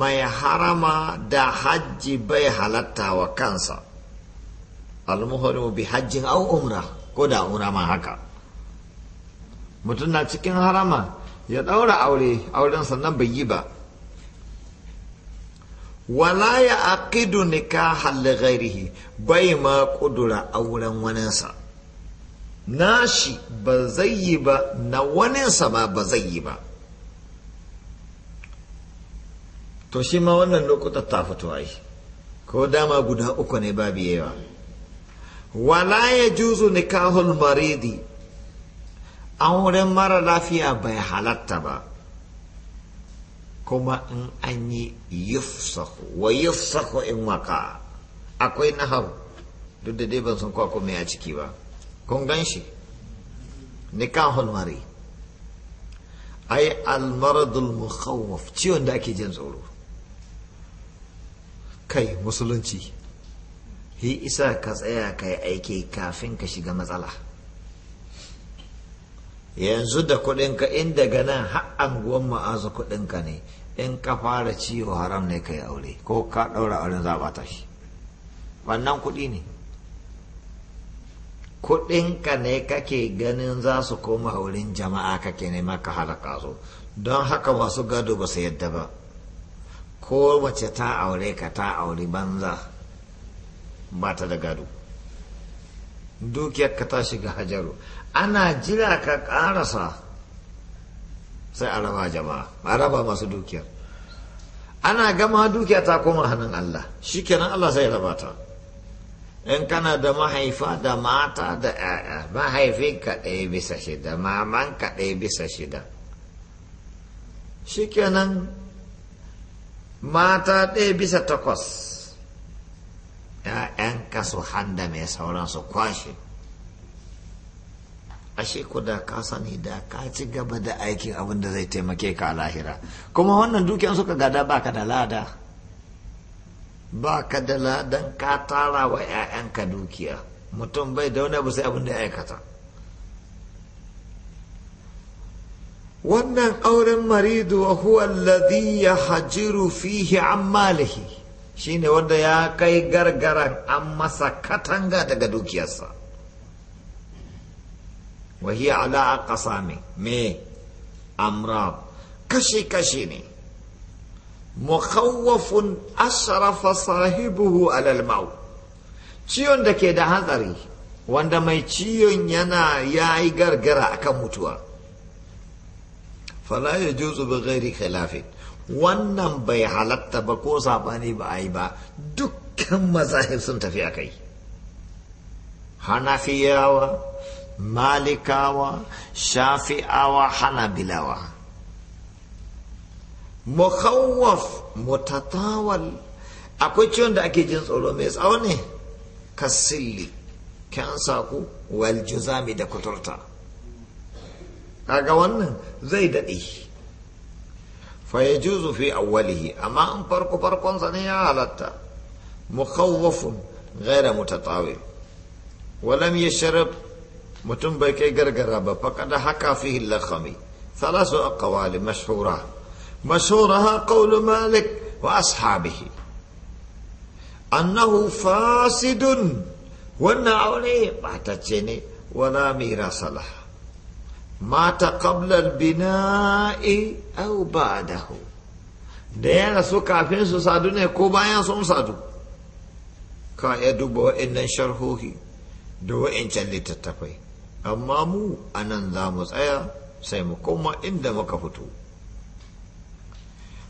mai harama da hajji bai halatta wa kansa mu bi hajjin au umra ko da umra ma haka mutum na cikin harama ya ɗaura aure auren sannan bai yi ba wala ya aqidu ka li ghairihi bai ma kudura auren waninsa nashi ba zai yi ba na waninsa ba ba zai yi ba to shi ma wannan lokutan ta fito ai ko dama guda uku ne babu yawa wala ya juzu nikahul maridi auren mara lafiya bai halatta ba kuma in an yi yufsahu wa yufsahu in waka akwai nahar duk da dai ban san kwa kuma ya ciki ba kun gan shi nikahul mari ai almaradul mukhawwaf ciwon da ake jin tsoro kai musulunci hi isa ka tsaya ka yi aiki kafin ka shiga matsala yanzu da kuɗinka in daga nan ha'an ma'azu kuɗinka ne in ka fara ciwo haram ne ka yi aure ko ka ɗaura auren zaɓata shi wannan kuɗi ne kuɗinka ne kake ganin za su koma wurin jama'a kake nema ka halaka su don haka masu gado ba su yadda ba ko mace ta aure ka ta aure banza mata da gado dukiyar ka ta shiga hajaru ana jira ka karasa sai a raba jama'a a raba masu dukiyar ana gama dukiya ta koma hannun Allah shikenan Allah sai raba ta in kana da mahaifa da mata da 'ya'ya mahaifinka ɗaya bisa shida ka ɗaya bisa shida shikenan mata ɗaya bisa takwas ‘ya'yanka su handa mai sauran su kwashe ashe ku da ka sani da ka ci gaba da aikin abin da zai taimake ka a lahira kuma wannan dukiyar suka gada ka da lada Ba ka da ladan ka tara wa 'ya'yanka dukiya mutum bai da wani abu sai abin da ya aikata wannan auren maridu wa huwa alladhi yahjiru fihi an malihi shine wanda ya kai gargaran an masa katanga daga dukiyarsa wahiya ala aqsami me amrab kashe-kashe ne mukhawwafun ashrafa sahibuhu ala al ciwon da ke da hatsari wanda mai ciwon yana yayi gargara akan mutuwa fala yajuzu bi ghairi khilafin wannan bai halatta ba ko sabani ba a yi ba dukkan mazahib sun tafi a kai hanafiyawa malikawa shafi'awa hanabilawa mukhawwaf mutatawal akwai ciwon da ake jin tsoro mai tsawo ne kasilli kansa ku wal da kuturta kaga wannan zai daɗe فيجوز في أوله أما أن فرق فرق صنيع على مخوف غير متطاول ولم يشرب متم بكي غرغرابا فقد حكى فيه اللخمي ثلاث أقوال مشهورة مشهورها قول مالك وأصحابه أنه فاسد والنعوني بعد ولا ميراث له mata ƙablar bina'i aw ba'dahu da ya rasu kafin su sadu ne ko bayan sun sadu ka ya duba wa'annan sharhohi da wa'ancan littattafai amma mu a nan za mu tsaya sai mu koma inda muka fito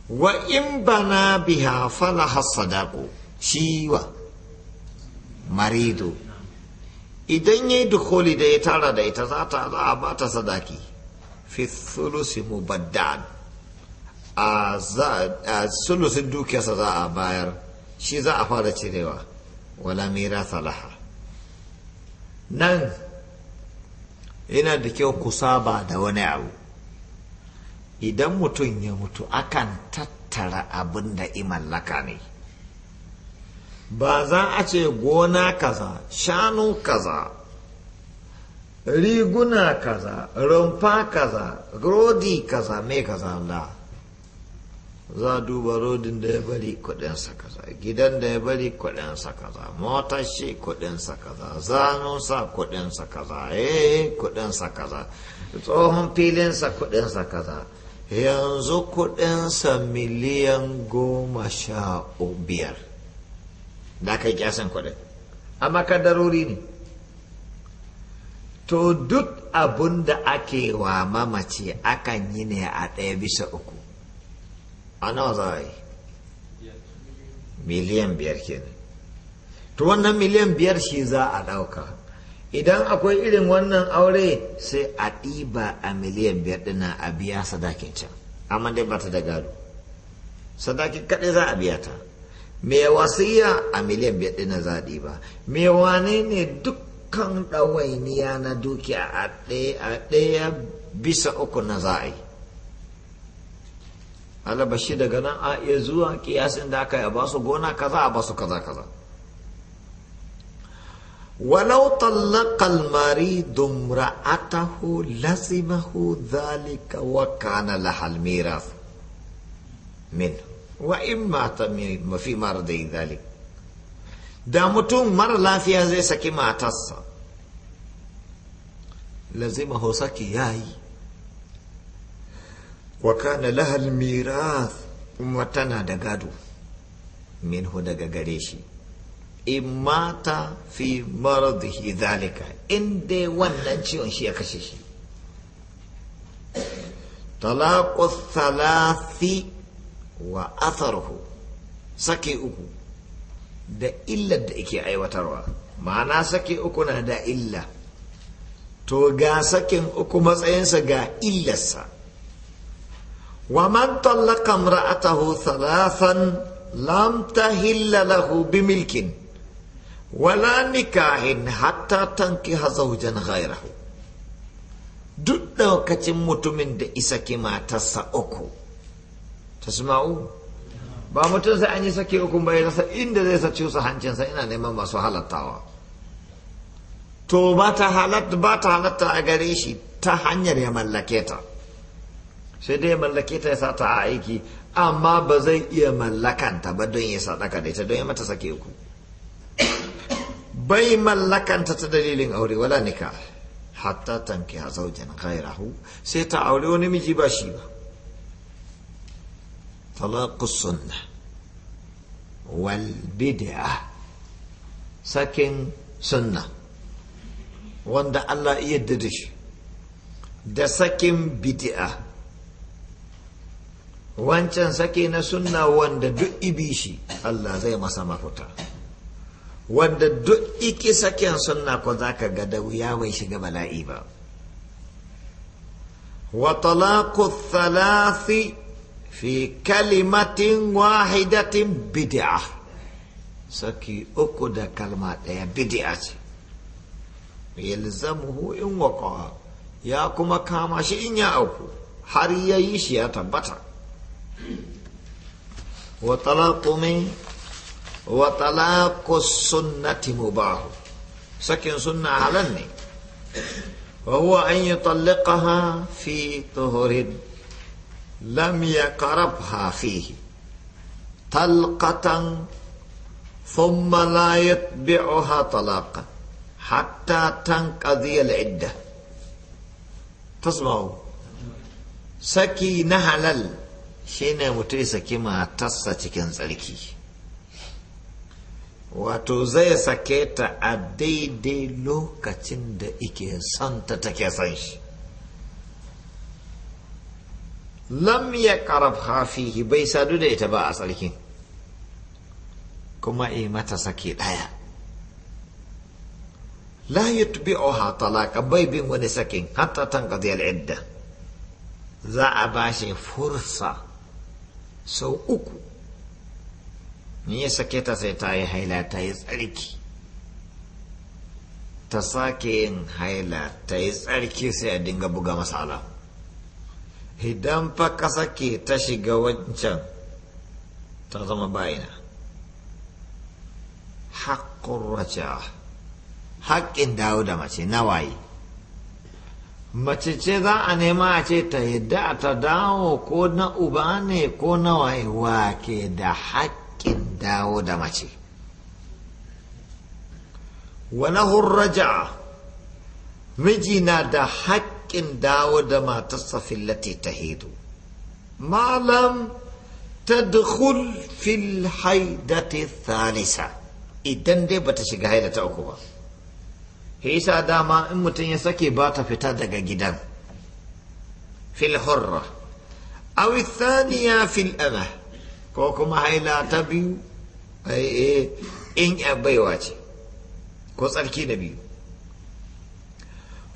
wa in bana biha falaha shi shiwa marido idan ya yi dukoli da ya tara da ita za za a ba ta sadaki fi mu a sulusin dukiyarsa za a bayar shi za a fara cirewa wala mira salaha nan yana da kyau ku saba da wani abu idan mutum ya mutu akan tattara abin da imallaka ne ba za a ce gona kaza shanu kaza riguna kaza rumfa kaza rodi kaza mai kaza la za a duba rodin da ya bari kudinsa kaza gidan da ya bari kudinsa kaza motar shi kudinsa kaza zanunsa kudinsa kaza eh kudinsa kaza tsohon filinsa kudinsa kaza yanzu kudinsa miliyan goma sha biyar da yi kyasan kuɗin amma kadarori ne to duk abun da ake wa mamace akan yi ne a ɗaya bisa uku a nawa za a yi miliyan biyar kenan to wannan miliyan biyar shi za a ɗauka idan akwai irin wannan aure sai a ɗiba a miliyan biyar dina a biya sadakin can amma dai ba ta da gado sadakin kaɗai za a biya ta mai wasiya a miliyan biyar bai na zaɗi ba mai wane ne dukkan ɗawainiya na dukiya a ɗaya a bisa uku na za'ai alabashi daga nan a iya zuwa kiyasin da aka yi ba su gona kaza a ba su kaza kaza ولو طلق المريض امرأته لزمه ذلك وكان لها الميراث منه وإن مات في مرض ذلك da mutum mara lafiya zai saki matarsa lazima hosaki ya yi wa kana lahal mirath kuma tana da gado minhu daga gare shi in mata fi maradhi zalika in dai wannan ciwon shi ya kashe shi talaqu thalathi wa atharuhu sake uku da illar da ake aiwatarwa ma'ana sake uku na da illa to ga sakin uku matsayinsa ga illarsa wa man tallaka imra'atahu thalathan lam tahilla lahu milkin. wala nikahin hatta tankiha zawjan ghayrahu duk daukacin mutumin da isa matarsa uku tasma'u ba mutum sai an yi sake hukun bai rasa inda zai sa hancin sa, ina neman masu halattawa to ba ta halatta ba ta halatta a gare shi ta hanyar ya mallake ta sai dai ya mallake ta ya ta aiki amma ba zai iya mallakanta ba don ya sadaka da ita don ya mata sake ku bai mallakanta ta dalilin aure wala nika hatta tanki hazaujan ghairahu sai ta aure wani miji ba shi ba طلاق السنة والبدعة سكن سنة وان الله يددش ده سكن بدعة wancan sake na sunna wanda duk ibi shi Allah zai masa mafuta wanda duk iki saken sunna ko za ka ga da wuya bai shiga bala'i ba wa talaqu thalathi fi kalimatin wahidatin bid'a saki uku da kalma ɗaya bid'a ce yalzamuhu in waqa'a ya kuma kama shi in ya auku har ya yi shi ya tabbata wa talaqu min wa talaqu sunnati mubahu sakin sunna halan ne wa huwa an yutallaqaha fi tuhrin لم يقربها فيه طلقة ثم لا يتبعها طلاقا حتى تنقضي العدة تسمعوا سكي نهلل شين متي سكي ما تسا تكن tsarki wato zai sake ta a daidai lokacin da ike son ta take son shi lam ya karab hafihi bai sadu da ita ba a tsarkin kuma e mata sake ɗaya la yutbi'uha talaka bai bin wani sakin hatta tan al za a ba shi fursa sau uku ni ya sake ta sai ta yi haila ta yi tsarki ta sake yin haila ta yi tsarki sai a dinga buga masala idan fa kasa ke ta shiga wancan ta zama bayina haƙƙun raja haƙƙin dawo da mace na waye mace ce za a nema a ce ta yadda a ta dawo ko na uba ne ko nawaye wa ke da haƙƙin dawo da mace wani hurraja miji na da haƙƙin haƙƙin dawo da matarsa fillati ta hidu malam tadkhul fil haidati thalisa idan dai bata shiga haida ta uku ba hisa dama in mutum ya sake ba ta fita daga gidan fil hurra awi thaniya fil ama ko kuma haila ta biyu eh, in baiwa ce ko tsarki na biyu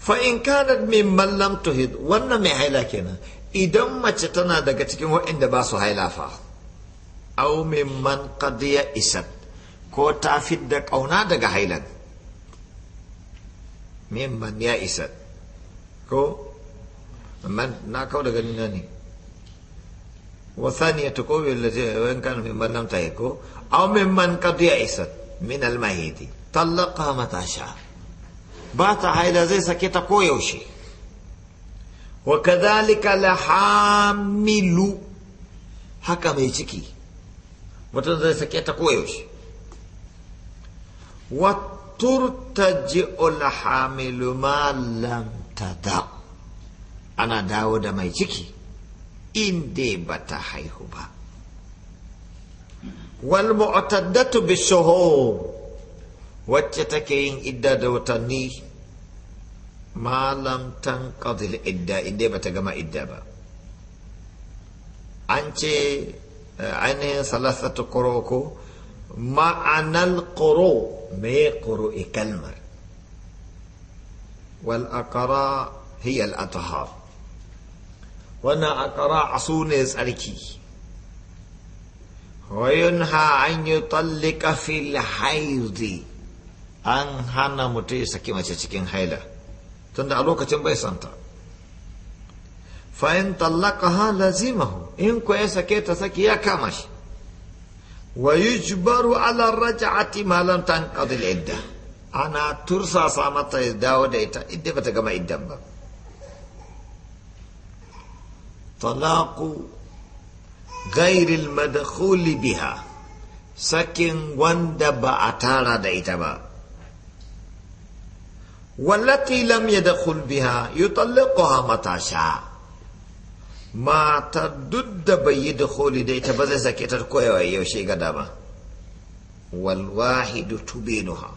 fa in kanat mimman mallam tuhid wannan mai haila kenan idan mace tana daga cikin waɗanda ba su haila fa aw min man qadiya isat ko ta fidda kauna daga hailan man ya isat ko man na kau daga nina ne وثانية قوم kan min mallam ta ko تهكو min man qadiya isat min al mahidi متى matasha ba ta haida zai sake ta koyaushe wa kadhalika lahamilu haka mai ciki mutum zai sake ta koyaushe wa turtaji'u lahamilu ma lam tada ana dawo da mai ciki inda ba ta haihu ba wal mu'taddatu bishoho. wacce take yin idda da watanni malam tan qadil idda inda bata gama idda ba an ce ainihin salasatu quru ko ma'anal quru me quru kalmar wal aqra hiya al athhar wannan aqra asune tsarki وينهى أن يطلق في الحيض an hana mutum ya saki mace cikin haila tunda a lokacin bai santa fa'in tallaka ha lazimahu in ko ya sake ta saki ya kama shi wa yujbaru ala raja ma lam tanqadi idda ana tursa tursasa mata ya dawo da ita idda bata gama iddan ba Talaku gairil al biha sakin wanda ba a tara da ita ba والتي لم يدخل بها يطلقها متى شاء ما تدد بيدخل ديت بزي سكتر كويو يوشي قدما والواحد تبينها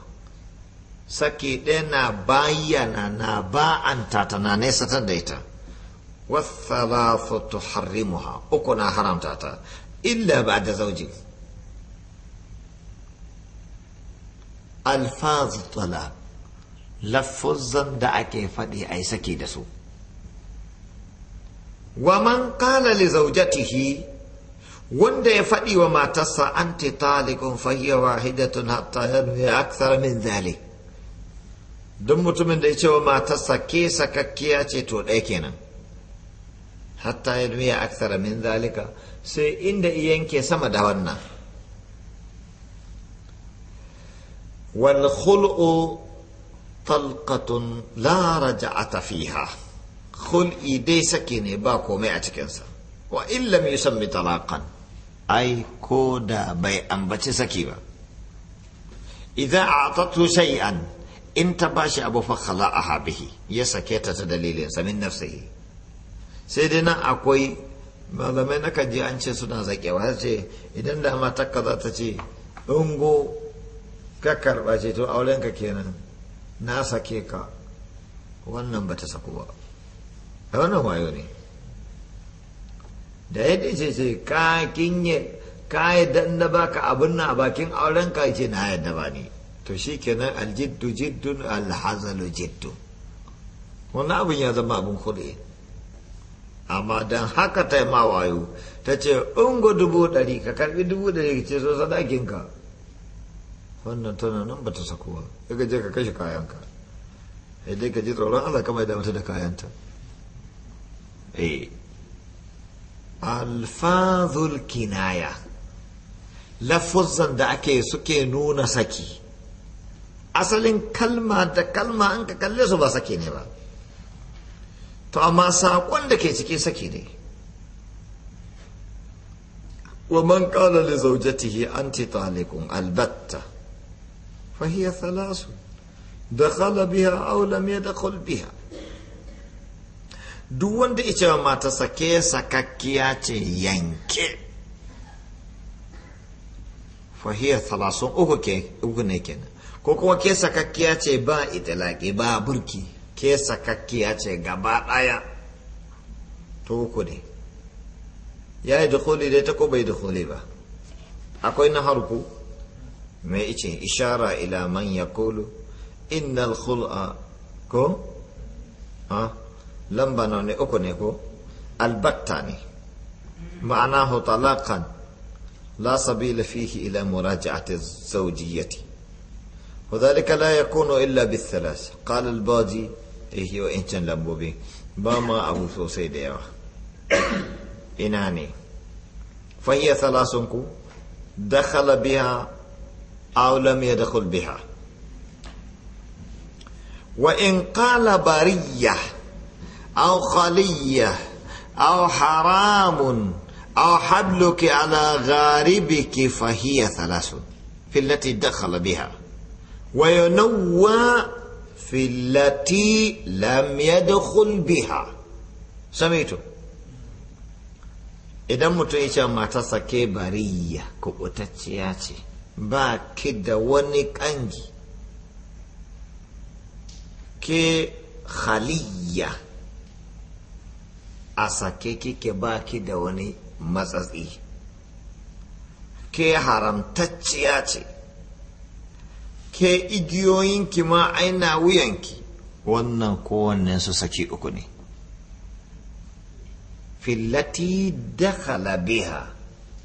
saki ɗaya na bayyana na ba'anta ta na nesatar da ita wasu tuharrimuha uku na haramta ta illa ba da zauji alfazu lafuzzan da ake faɗi a yi sake da su wa man kala li zaujatihi wanda ya faɗi wa matarsa an te talikun fahiyar wahidatun hatta ya aksar min zale. don mutumin da ya ce wa matarsa ke sakakkiya ce to ɗaya kenan hatta ya duniya aksara min zalika sai inda yanke sama da wannan wal khul'u talqatun la raja'ata fiha khul'i dai sake ne ba komai a cikinsa wa illa mai yusammi talaqan ai ko da bai ambaci saki ba idan a shay'an in ta bashi abu fa khala'aha bihi ya sake ta ta dalilin sa min nafsihi sai dai nan akwai malamai na kaji an ce suna zakewa ce idan da matakka za ta ce ungo ka karba ce to aurenka kenan na sake ka wannan ba ta saku ba a wannan wayo ne da yadda ce ce ka kinye ka yadda na baka abin na a bakin auren ka ce na yadda ba ne to shi kenan aljiddu jiddu alhazalu jiddu wannan abin ya zama abin kuɗi amma don haka ta ma wayo ta ce in dubu ɗari ka karbi dubu ɗari ka ce so sadakinka wannan tana nan ba ta sakuwa ka je ka kashe kayanka dai ka ji tsoron Allah kama da mata da kayanta eh. alfazul kinaya lafuzan da ake suke nuna saki asalin kalma da kalma an ka kalle su ba saki ne ba to amma saƙon da ke cikin saki ne wa man qala li zawjatihi anti talikun albatta فهي ثلاث دخل بها أو لم يدخل بها duk wanda ita ma ta sake sakakkiya ce yanke fahiyar talasun uku ke uku ne kenan ko kuma ke sakakkiya ce ba itilaki ba burki ke sakakkiya ce gaba ɗaya to uku ne ya yi dukuli dai ta ko bai dukuli ba akwai na harku me ice ishara ila man yaqulu innal khul'a ko ha lamba na ne uku ne ko albatta ne ma'anahu talaqan la sabila fihi ila muraja'ati zawjiyati وذلك لا يكون إلا بالثلاث قال البادي إيه وإنشان لمبوبي باما أبو سوسي ديوا إناني فهي ثلاث دخل بها أو لم يدخل بها وإن قال برية أو خلية أو حرام أو حبلك على غاربك فهي ثلاث في التي دخل بها وينوى في التي لم يدخل بها سميته إذا mutum ما تسكي برية ke ba ki da wani kangi ke khaliya a sake kike ba ki da wani matsatsi ke haramtacciya ce ke igiyoyinki ma aina wuyanki wannan kowanne su saki uku ne Filati, da biha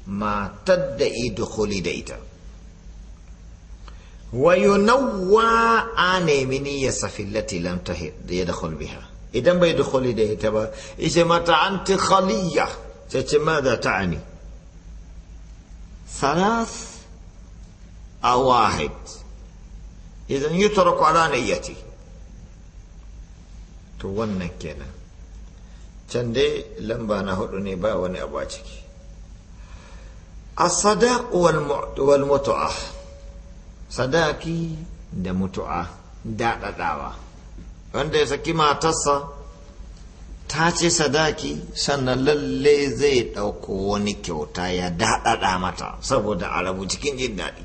matar da idu da ita وينوى عن يمينية السفي التي لم يدخل بها إذا ما يدخل إليه تبا إذا ما تعنت خلية ماذا تعني ثلاث واحد إذا يترك على نيتي تونا كنا تندي لم dai lamba na الصداق والمتعه sadaki da mutu'a daɗaɗawa wanda ya saki matarsa ta ce sadaki sannan lalle zai ɗauko wani kyauta ya daɗaɗa mata saboda a cikin jin daɗi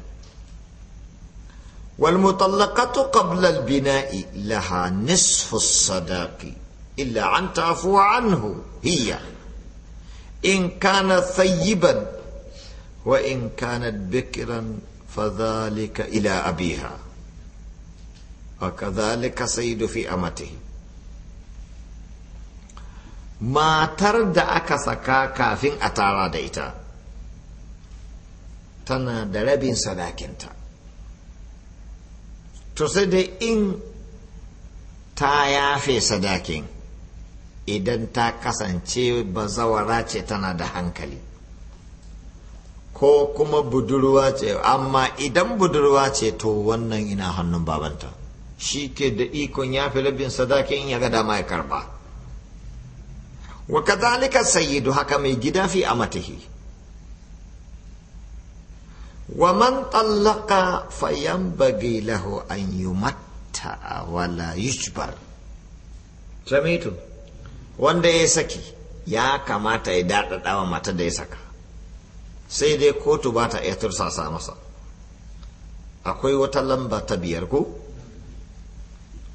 والمطلقة قبل البناء لها نصف الصداق إلا أن تعفو عنه هي إن فذلك إلى أبيها وكذلك سيد في أمته ما ترد أكسكا كافٍ أتارا ديتا تنا دربين سلاكنتا تصدي إن ta yafe sadakin idan ta kasance bazawara ce tana da hankali ko kuma budurwa ce amma idan budurwa ce to wannan ina hannun babanta shi ke da ikon ya fi labin sadakin ya ga dama ya karba wa kadhalika sayyidu haka mai gida fi amatihi wa man fayan bage lahu an yi mata la yujbar samitu wanda ya saki ya kamata ya daɗaɗa wa mata da ya saka sai dai kotu ba ta iya tursasa masa akwai wata lamba ta biyar ko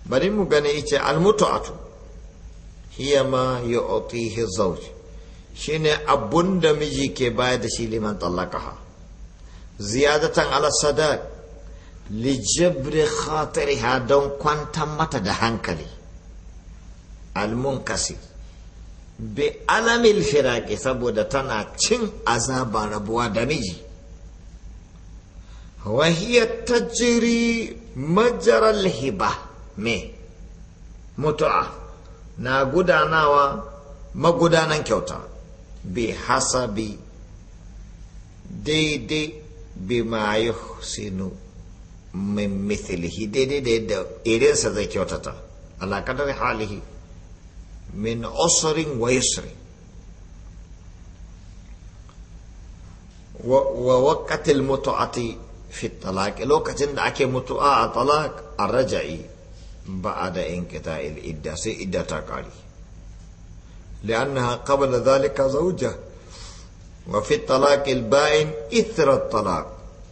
bari mu gani ice almutu'atu hiya ma yu'tihi shi shine abun da miji ke baya da shi liman ha. ziyadatan ala sadaq li jabri khatiriha don kwantar mata da hankali almunkasi bi alamil firaki saboda tana cin azaba rabuwa da miji wahiyar tajiri majaral hiba me mutu'a na gudanawa magudanan kyauta bi hasabi daidai bi ma sinu min mithlihi daidai da irinsa zai kyautata alaƙadar halihi min usrin wa yusrin wa waqatil mutu'ati fi talaq lokacin da ake mutu'a a talaq arja'i ba'da inqita'il idda sai idda ta kare لأنها قبل ذلك زوجة وفي الطلاق البائن إثر الطلاق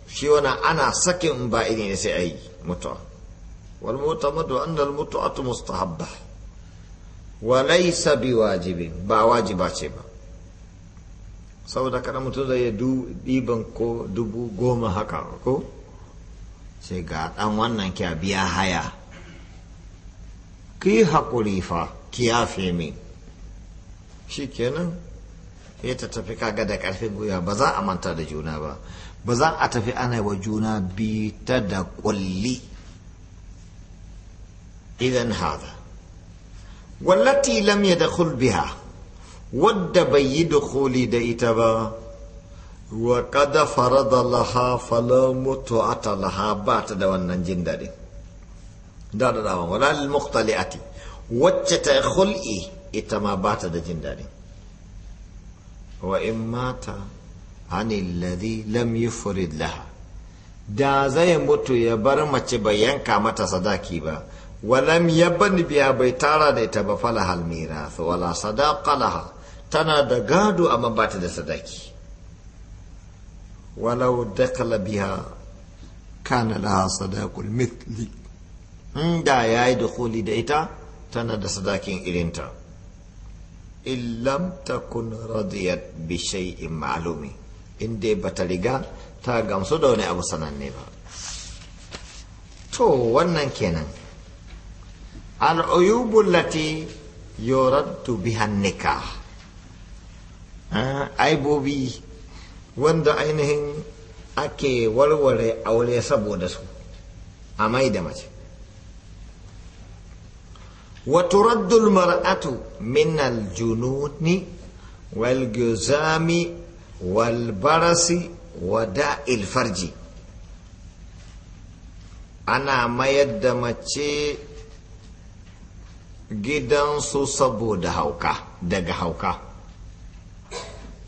شيونا أنا سكن بائنين سعي متعة والمعتمد أن المتعة مستحبة walaisa bi wajibi ba wajiba ce ba saboda kada mutum zai ɗiban ko dubu goma haka ko sai ga ɗan wannan kya biya haya ki hakuri fa ki min shi kenan ya ta tafi kaga da ƙarfin gwiwa ba za a manta da juna ba ba za a tafi ana wa juna bi ta da ƙulli idan hada wallati lam da biha wadda bai yi dukuli da ita ba wa qad farada laha fala ata laha ba ta da wannan jin daɗi da da da wala lil wacce ta khul'i ita ma ba ta da jin daɗi wa in mata ani alladhi lam yufrid laha da zai mutu ya bar mace bai yanka mata sadaki ba walam yabban biya bai tara da ita ba fala halmira wala sadaqa laha tana da gado amma ba ta da sadaki walau dakala biya kana laha sadaqul mithli inda yayi dukhuli da ita tana da sadakin irinta illam takun radiyat bi shay'in ma'lumi inda bata riga ta gamsu da wani abu sananne ba to wannan kenan العيوب التي يرد بها النكاح aibobi wanda ainihin ake warware aure saboda su a mai da mace wato raddul mar'atu min aljununi wal guzami wal barasi wa da'il farji ana mayar da mace Gidan su saboda hauka daga hauka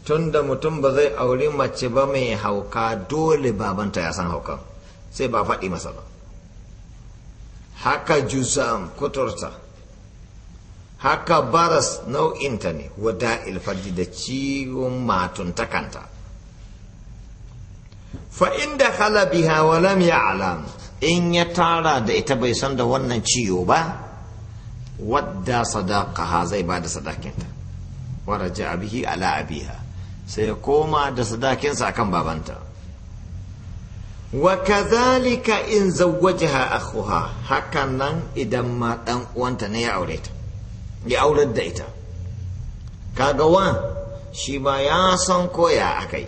tunda mutum ba zai auri mace ba mai hauka dole babanta ya san hauka sai ba faɗi masa ba haka juzam kuturta haka baras nau'inta ne wada ilfarji da ciwon matuntakanta fa inda halabi biha wa ya in ya tara da ita bai san da wannan ciwo ba wadda ha zai bada sadakinta wa a bihi ala abiha sai ya koma da sadakinsa akan babanta wa inza in a koha hakan nan idan ma dan uwanta ne ya aure ta ya aurar da ita kaga wa shi ba ya san koya akai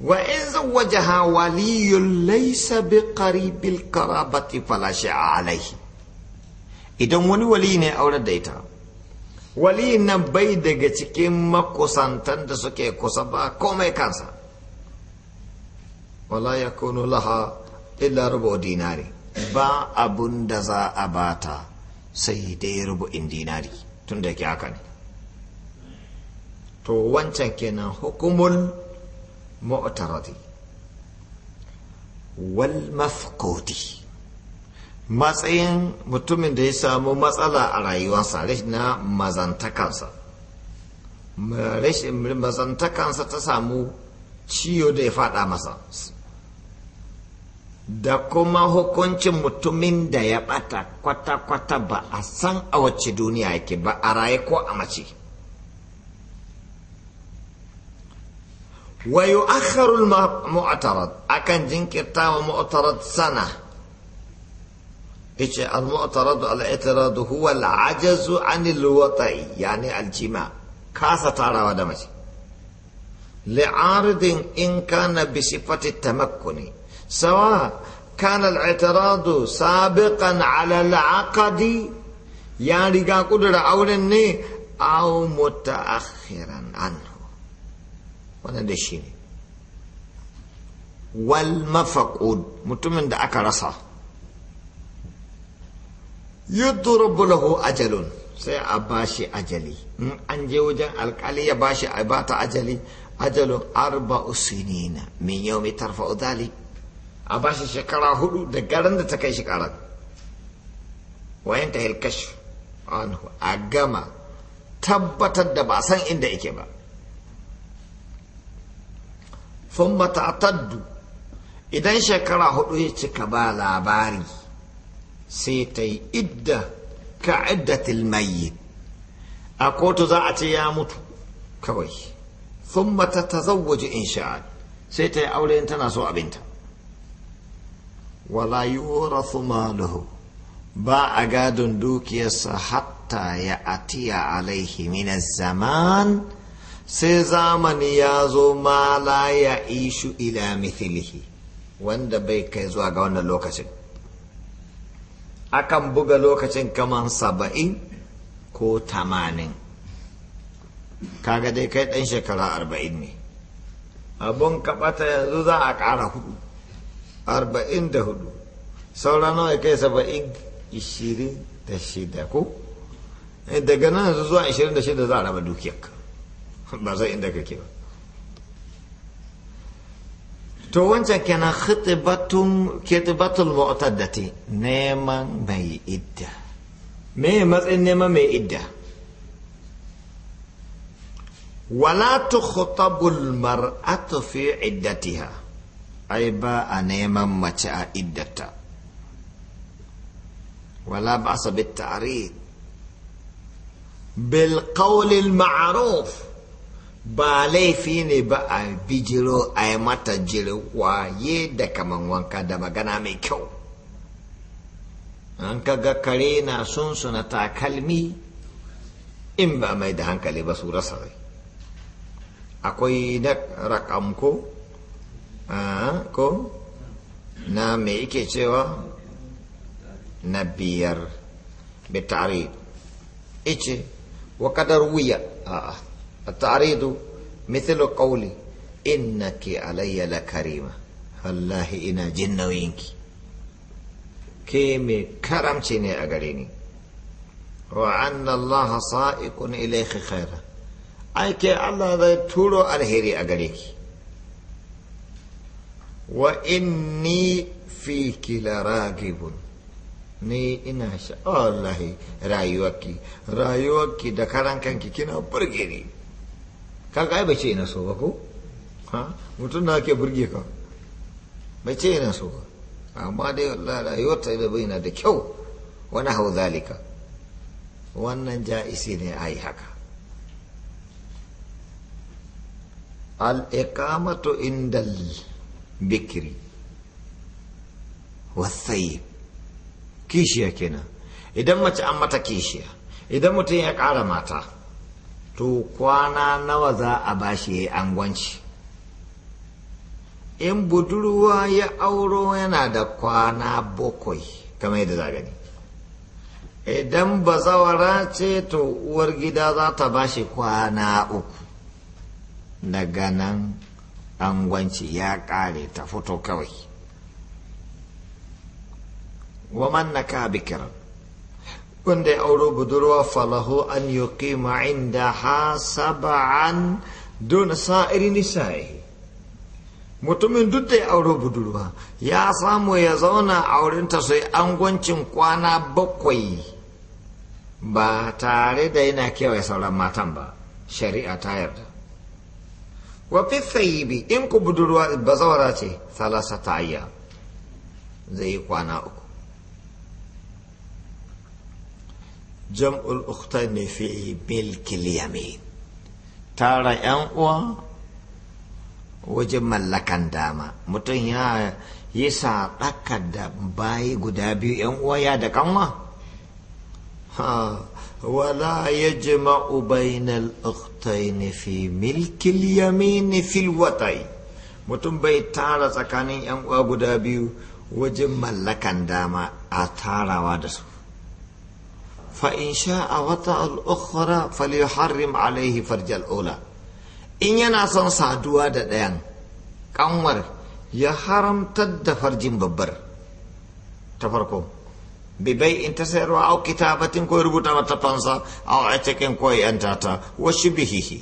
wa in zawwajaha waliyun laysa biqaribil karabati fala shi'a alaihi idan wani wali ne aure da ita wali na bai daga cikin makusantan da suke kusa ba komai kansa wala ya kunu laha illa rubu dinari ba abun da za a bata sai dai rubu'in dinari tun da ke haka ne to wancan kenan hukumul mu'tarati wal mafkoti matsayin mutumin da ya samu matsala a rayuwarsa na mazantakansa mazantakansa ta samu ciyo da ya fada masa da kuma hukuncin mutumin da ya bata kwata-kwata ba a san a wacce duniya yake ba a raye ko a mace wayo akharul mu'tarat akan jinkirta wa mu'tarat sana إيش المعترض الاعتراض هو العجز عن الوطع يعني الجماع كاسة تارا ودمشي لعارض إن كان بصفة التمكن سواء كان الاعتراض سابقا على العقد يعني قا قدر أولني أو متأخرا عنه وانا دشيني والمفقود متمن دا أكرسه yudrabu lahu ajalun sai a bashi ajali in an je wajen alkali ya bashi a bata ajali ajalun arba sinina min yau mai tarfa udali a bashi shekara hudu da garin da ta kai shekarar wayan ta hilkash anhu a gama tabbatar da ba san inda yake ba sun mata'ataddu idan shekara hudu ya cika ba labari sai ta yi idda ka iddatil mayyit a kotu za a ce ya mutu kawai thumma ta tazawwaju in sha'at sai ta yi aure tana so abinta wala yurathu maluhu ba a gadon dukiyarsa hatta ya atiya alaihi min zaman sai zamani ya zo mala ya ishu ila mithilihi wanda bai kai zuwa ga wannan lokacin akan buga lokacin kaman saba'in ko tamanin kaga dai kai ɗan shekara arba'in ne abun kaɓata yanzu za a ƙara hudu arba'in da hudu sauran nawa kai saba'in ishirin da shida ko eh, daga nan zuwa ishirin da shida za a raba dukiyar. ba zai inda kake ba to wancan kenan khitibatul mu'taddati neman mai idda me matsayin neman mai idda wala tukhtabul mar'atu fi iddatiha ai ba a neman mace a iddata wala ba'sa bit ta'rid bil qawli al ma'ruf ba laifi ne ba a bijiro a yi mata waye da kaman wanka da magana mai kyau an kaga kare na suna takalmi in ba mai da hankali ba su rasa rai akwai na rakam ko ko na mai ike cewa na biyar bitare ice wa kadar wuya a التعريض مثل قولي إنك علي لكريمة والله إنا جن وينكي ke mai karamci ne a gare ni wa anna Allah sa'iqun ilayki khaira ai ke Allah zai turo alheri a gare ki wa inni fiki laragibun ni ina sha'awar rayuwarki rayuwarki da karan kanki kina burge ni ka ga bai ce ina so ba ko ha mutum na ke burge ka bai ce ina so ba amma dai wallahi rayuwar ta da bai na da kyau wani hau zalika wannan ja'isi ne a yi haka al'ikamatu inda bikiri wasai kishiya kenan idan mace an mata kishiya idan mutum ya ƙara mata to kwana nawa za a bashi ya angwanci in budurwa ya auro yana da kwana bakwai kamar yadda za gani idan ba zawara ce to uwar gida za ta bashi kwana uku daga nan angwanci ya ƙare ta fito kawai waman na ka bikiran wanda ya auro budurwa falahu an yuqima indaha saba'an dun sa'iri nisa'i mutumin duk da ya auro budurwa ya samu ya zauna ta sai angwancin kwana bakwai ba tare da yana kewaye sauran matan ba shari'a ta yarda wa fi in ku budurwa bazawara ce salasa ta zai yi kwana uku jam'ul ukhtai ne fi bil kiliyami tara yan uwa wajen mallakan dama mutum ya yi saɗaka da bayi guda biyu yan uwa ya da kanwa ولا يجمع بين الأختين في ملك اليمين fil watai, mutum bai tara tsakanin 'yan uwa guda biyu wajen mallakan dama a tarawa da su sha a فإن شاء Harim alaihi فليحرم ola in yana son saduwa da ɗayan ƙanwar ya haramtar da farjin babbar ta farko bibai in ta sayarwa au kitabatin ko rubuta mata fansa au atikin ko yanta ta wa bihihi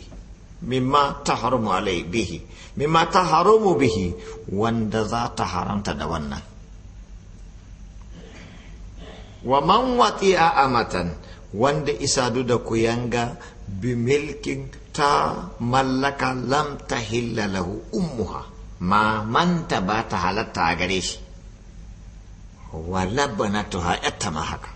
mimma tahrumu alai bihi mimma haramu bihi wanda za ta haramta da wannan wa man wati a amatan wanda isadu da kuyanga bi milkin ta mallaka lam ta lahu ummuha ma manta ba ta halatta a gare shi wa labanatuha yatta ma haka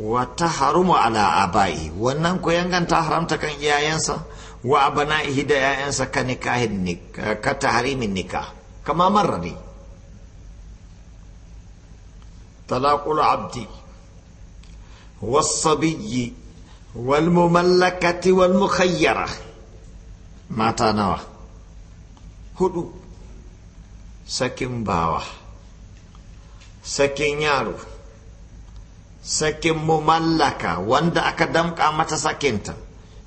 wa ta harumu ala abai wannan kuyangan ta haramta kan iyayensa wa abana'ihi da 'ya'yansa ka nikahin ka taharimin nikah kama marra ne طلاق العبد والصبي والمملكة والمخيرة ما تنوى هدو سكن باوة سكن يارو سكن مملكة واندا أكا دمك أمتا سكنتا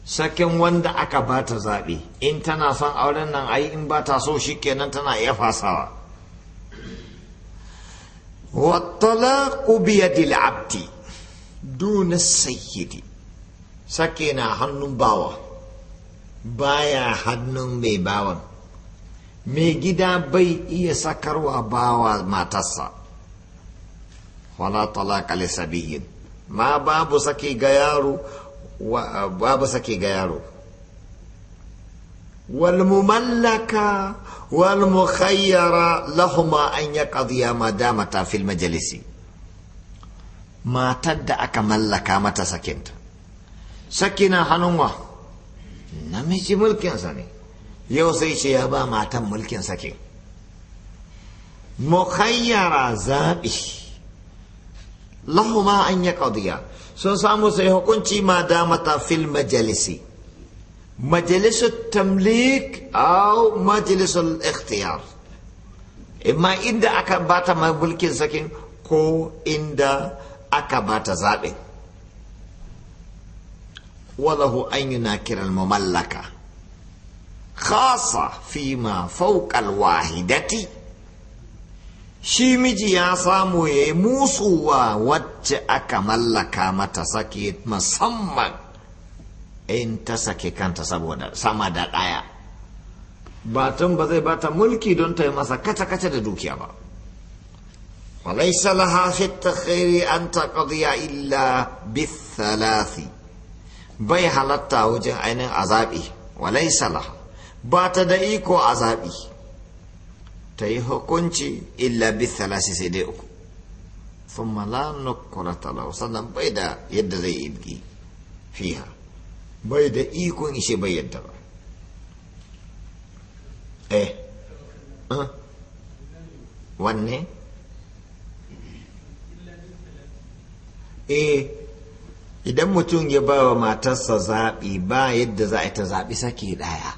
sakin wanda aka bata zaɓe in tana son auren nan ai in ba ta so shi kenan tana iya fasawa والطلاق بيد العبد دون السيد سكينا هنن باوا بايا هنن مي باوا مي جدا بي إيا سكروا باوا ما تسا ولا طلاق لسبي ما بابو سكي غيارو بابو سكي غيارو والمملكة والمخيرة لهما أن يقضيا ما دامتا في المجلس ما تدعك ملكا متى سكنت سكنا حنوة نمشي ملكين سني yau sai ce ya ba matan mulkin sake mukhayyara zaɓi lahuma an ya ƙaudiya sun samu sai hukunci ma مجلس التمليك أو مجلس الاختيار إما إندا أكا باتا ملك سكين كو إندا أكا باتا زابي وله أن يناكر المملكة خاصة فيما فوق الواحدة shi miji ya samu ya yi musuwa wacce aka mallaka mata sake musamman in ta sake kanta saboda sama da ɗaya batun ba zai bata mulki don ta masa kace-kace da dukiya ba walaisa laha fi takhiri an taqdiya illa bi thalathi bai halatta wajen ainihin azabi walaisa laha ba ta da iko azabi ta yi hukunci illa bi thalathi sai dai uku sun mala nukkura talau sannan bai da yadda zai ilgi fiha bai da ikon ishe bayyanta ba eh wanne eh idan mutum ya ba wa matarsa zaɓi ba yadda za a ta zaɓi sake ɗaya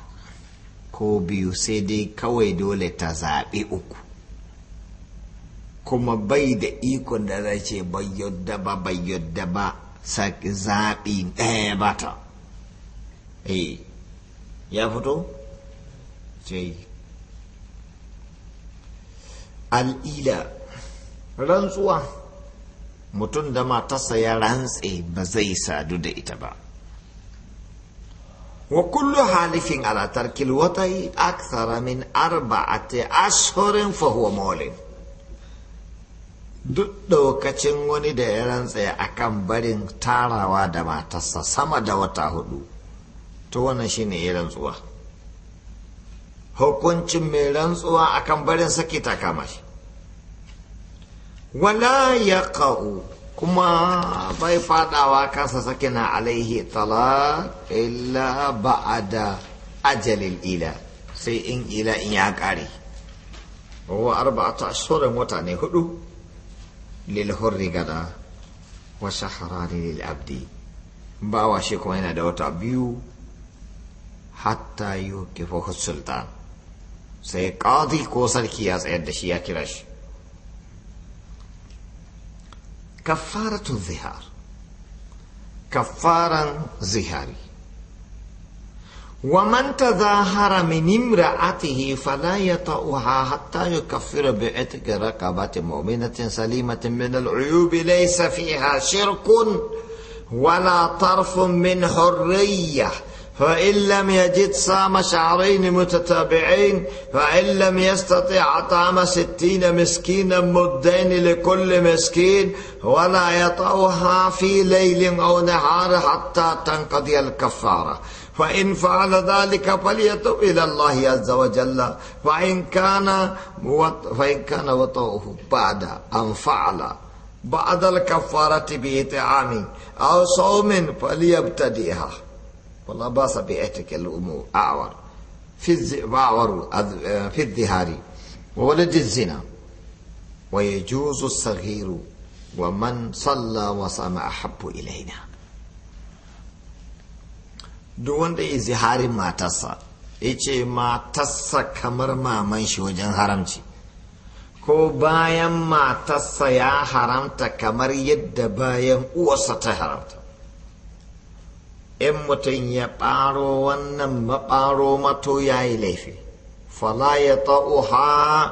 ko biyu sai dai kawai dole ta zaɓi uku kuma bai da ikon da zai ce bayyadda ba bayyadda ba zaɓi ɗaya ba ta eh ya fito sai al'ila rantsuwa mutum da matarsa ya rantse ba zai sadu da ita ba wa kullu halifin ala tarkil watai akthara min arba'ati ashhurin fa huwa mawlin duk daukacin wani da ya rantse akan barin tarawa da matarsa sama da wata hudu to wannan shine ya rantsuwa hukuncin mai rantsuwa akan barin saki ta shi wala ya kuma bai fadawa kansa na alaihi tala illa ba'ada ajalin ila sai in ila in ya kare wa arba'ata wata ne hudu lil hurri gada wa shahrani lil abdi bawa shi kuma yana da wata biyu حتى يوقفه السلطان سي سيقاضي كوسر كياس ايدش يا كرش كفارة الظهار كفارا زهاري ومن تظاهر من امرأته فلا يطأها حتى يكفر بعتق رقبة مؤمنة سليمة من العيوب ليس فيها شرك ولا طرف من حريه فإن لم يجد صام شهرين متتابعين فإن لم يستطع طعام ستين مسكينا مدين لكل مسكين ولا يطوها في ليل أو نهار حتى تنقضي الكفارة فإن فعل ذلك فليتوب إلى الله عز وجل فإن كان فإن كان وطؤه بعد أن فعل بعد الكفارة بإطعام أو صوم فليبتدئها والله باص بيعتك الأمور أعور في الز... أعور آه، في الظهار وولد الزنا ويجوز الصغير ومن صلى وصام أحب إلينا دون دي زهار ما تسا ايش ما تسا كمر ما منش وجن حرمشي ko bayan matarsa ya haramta kamar yadda bayan uwarsa ta haramta in mutum ya ɓaro wannan maɓaro mato ya yi laifi fala ya ha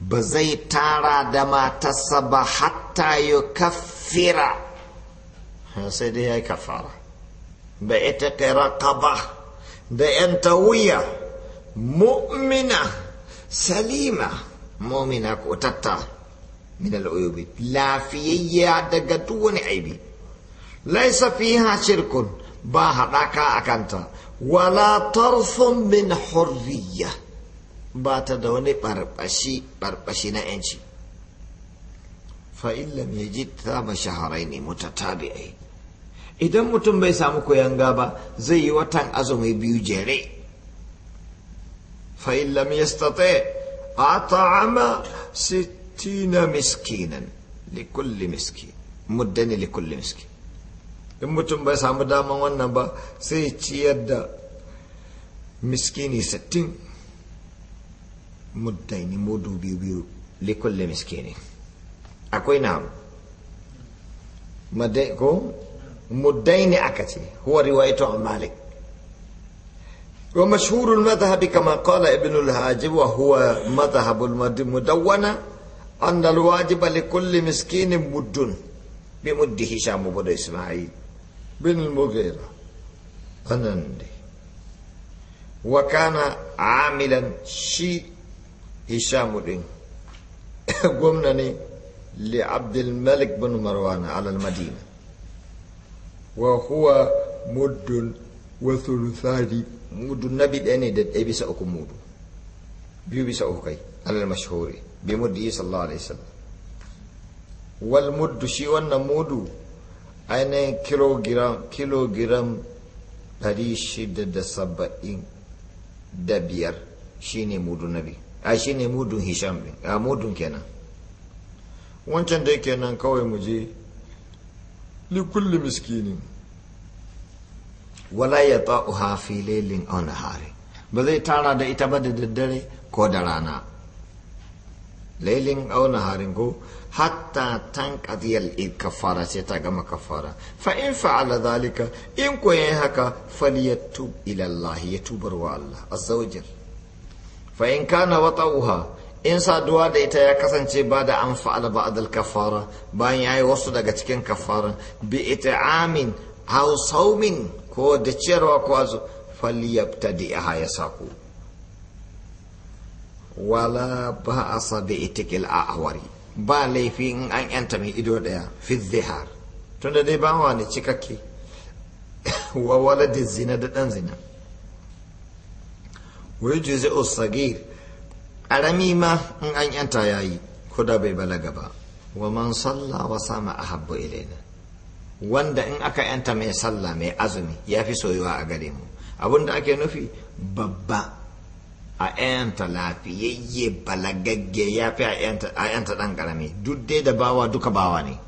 ba zai tara da matarsa ba hatta ya kafira sai dai ya yi kafara da ita raka ba da 'yanta wuya. mu'mina salima mu'mina ko tatta min al'ayyubi lafiyayya daga duwani wani aibi laisa fiha shirkun ba haɗaka a kanta wala tarfin min hurriya ba ta da wani barbashi barbashi na yanci fa'in lam yaji ta mashaharai ne mutatabi'ai idan mutum bai samu koyanga ba zai yi watan azumi biyu jere fa'in lam yastata a ta'ama sittina miskinan likulli miskin muddani likulli miskin in mutum bai samu daman wannan ba sai ciyar da miskini sittin muddaini mudu biyu biyu likulle miskini akwai na ko muddaini aka ce huwa riwayatu an malik ومشهور المذهب كما قال ابن الهاجب وهو مذهب المدونة أن الواجب لكل مسكين مد بمده شام بن Isma'il. بن المغيرة أنندي وكان عاملا شي هشام الدين قمنني لعبد الملك بن مروان على المدينة وهو مد وثلثان مد النبي داني دد أبي سأكون مد بيو بسأكون على المشهور بمده صلى الله عليه وسلم والمد شي والنمود ainihin kilogiram kilogiram 675 da biyar shine mudun nabi a shine mudun hisham a ah, mudun kenan wancan da yake nan kawai mu je likulli miskini. wala ya ta'uha fi lailin aw hari ba zai tara da ita ba da daddare ko da rana lailin aw harin ko hatta tanqadiyal kafara sai ta gama kafara fa in fa'ala zalika in ko haka falyatub ila Allah ya tubar wa Allah azza fa in kana wata'uha in saduwa da ita ya kasance ba da an fa'ala ba'dal kafara bayan yayi wasu daga cikin kafara bi it'amin aw saumin ko da ciyarwa ko azu falyabtadi'aha ya saku wala ba'asa bi itikil a'wari ba laifi in an yanta mai ido daya fi zihar da dai ba wa ne cikakke wa waladin zina da dan zina wai juzi usagir ƙarami ma in an yanta yayi ko da bai balaga ba wa man salla wa sama ahabbu ilaina wanda in aka yanta mai sallah mai azumi ya fi soyuwa a gare mu abinda ake nufi babba a yanta lafiyayye balagagge ya fi a yanta ɗan ƙarami duk dai da bawa duka bawa ne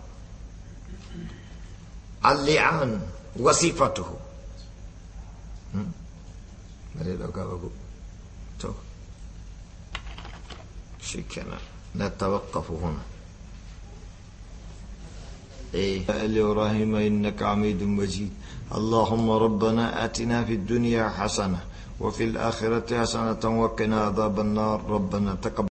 alli'an wasifatuhu bare ɗauka ba ku to shi kenan na tawakkafu huna إيه إبراهيم إنك عميد مجيد اللهم ربنا آتنا في الدنيا حسنة وفي الآخرة حسنة وقنا عذاب النار ربنا تقبل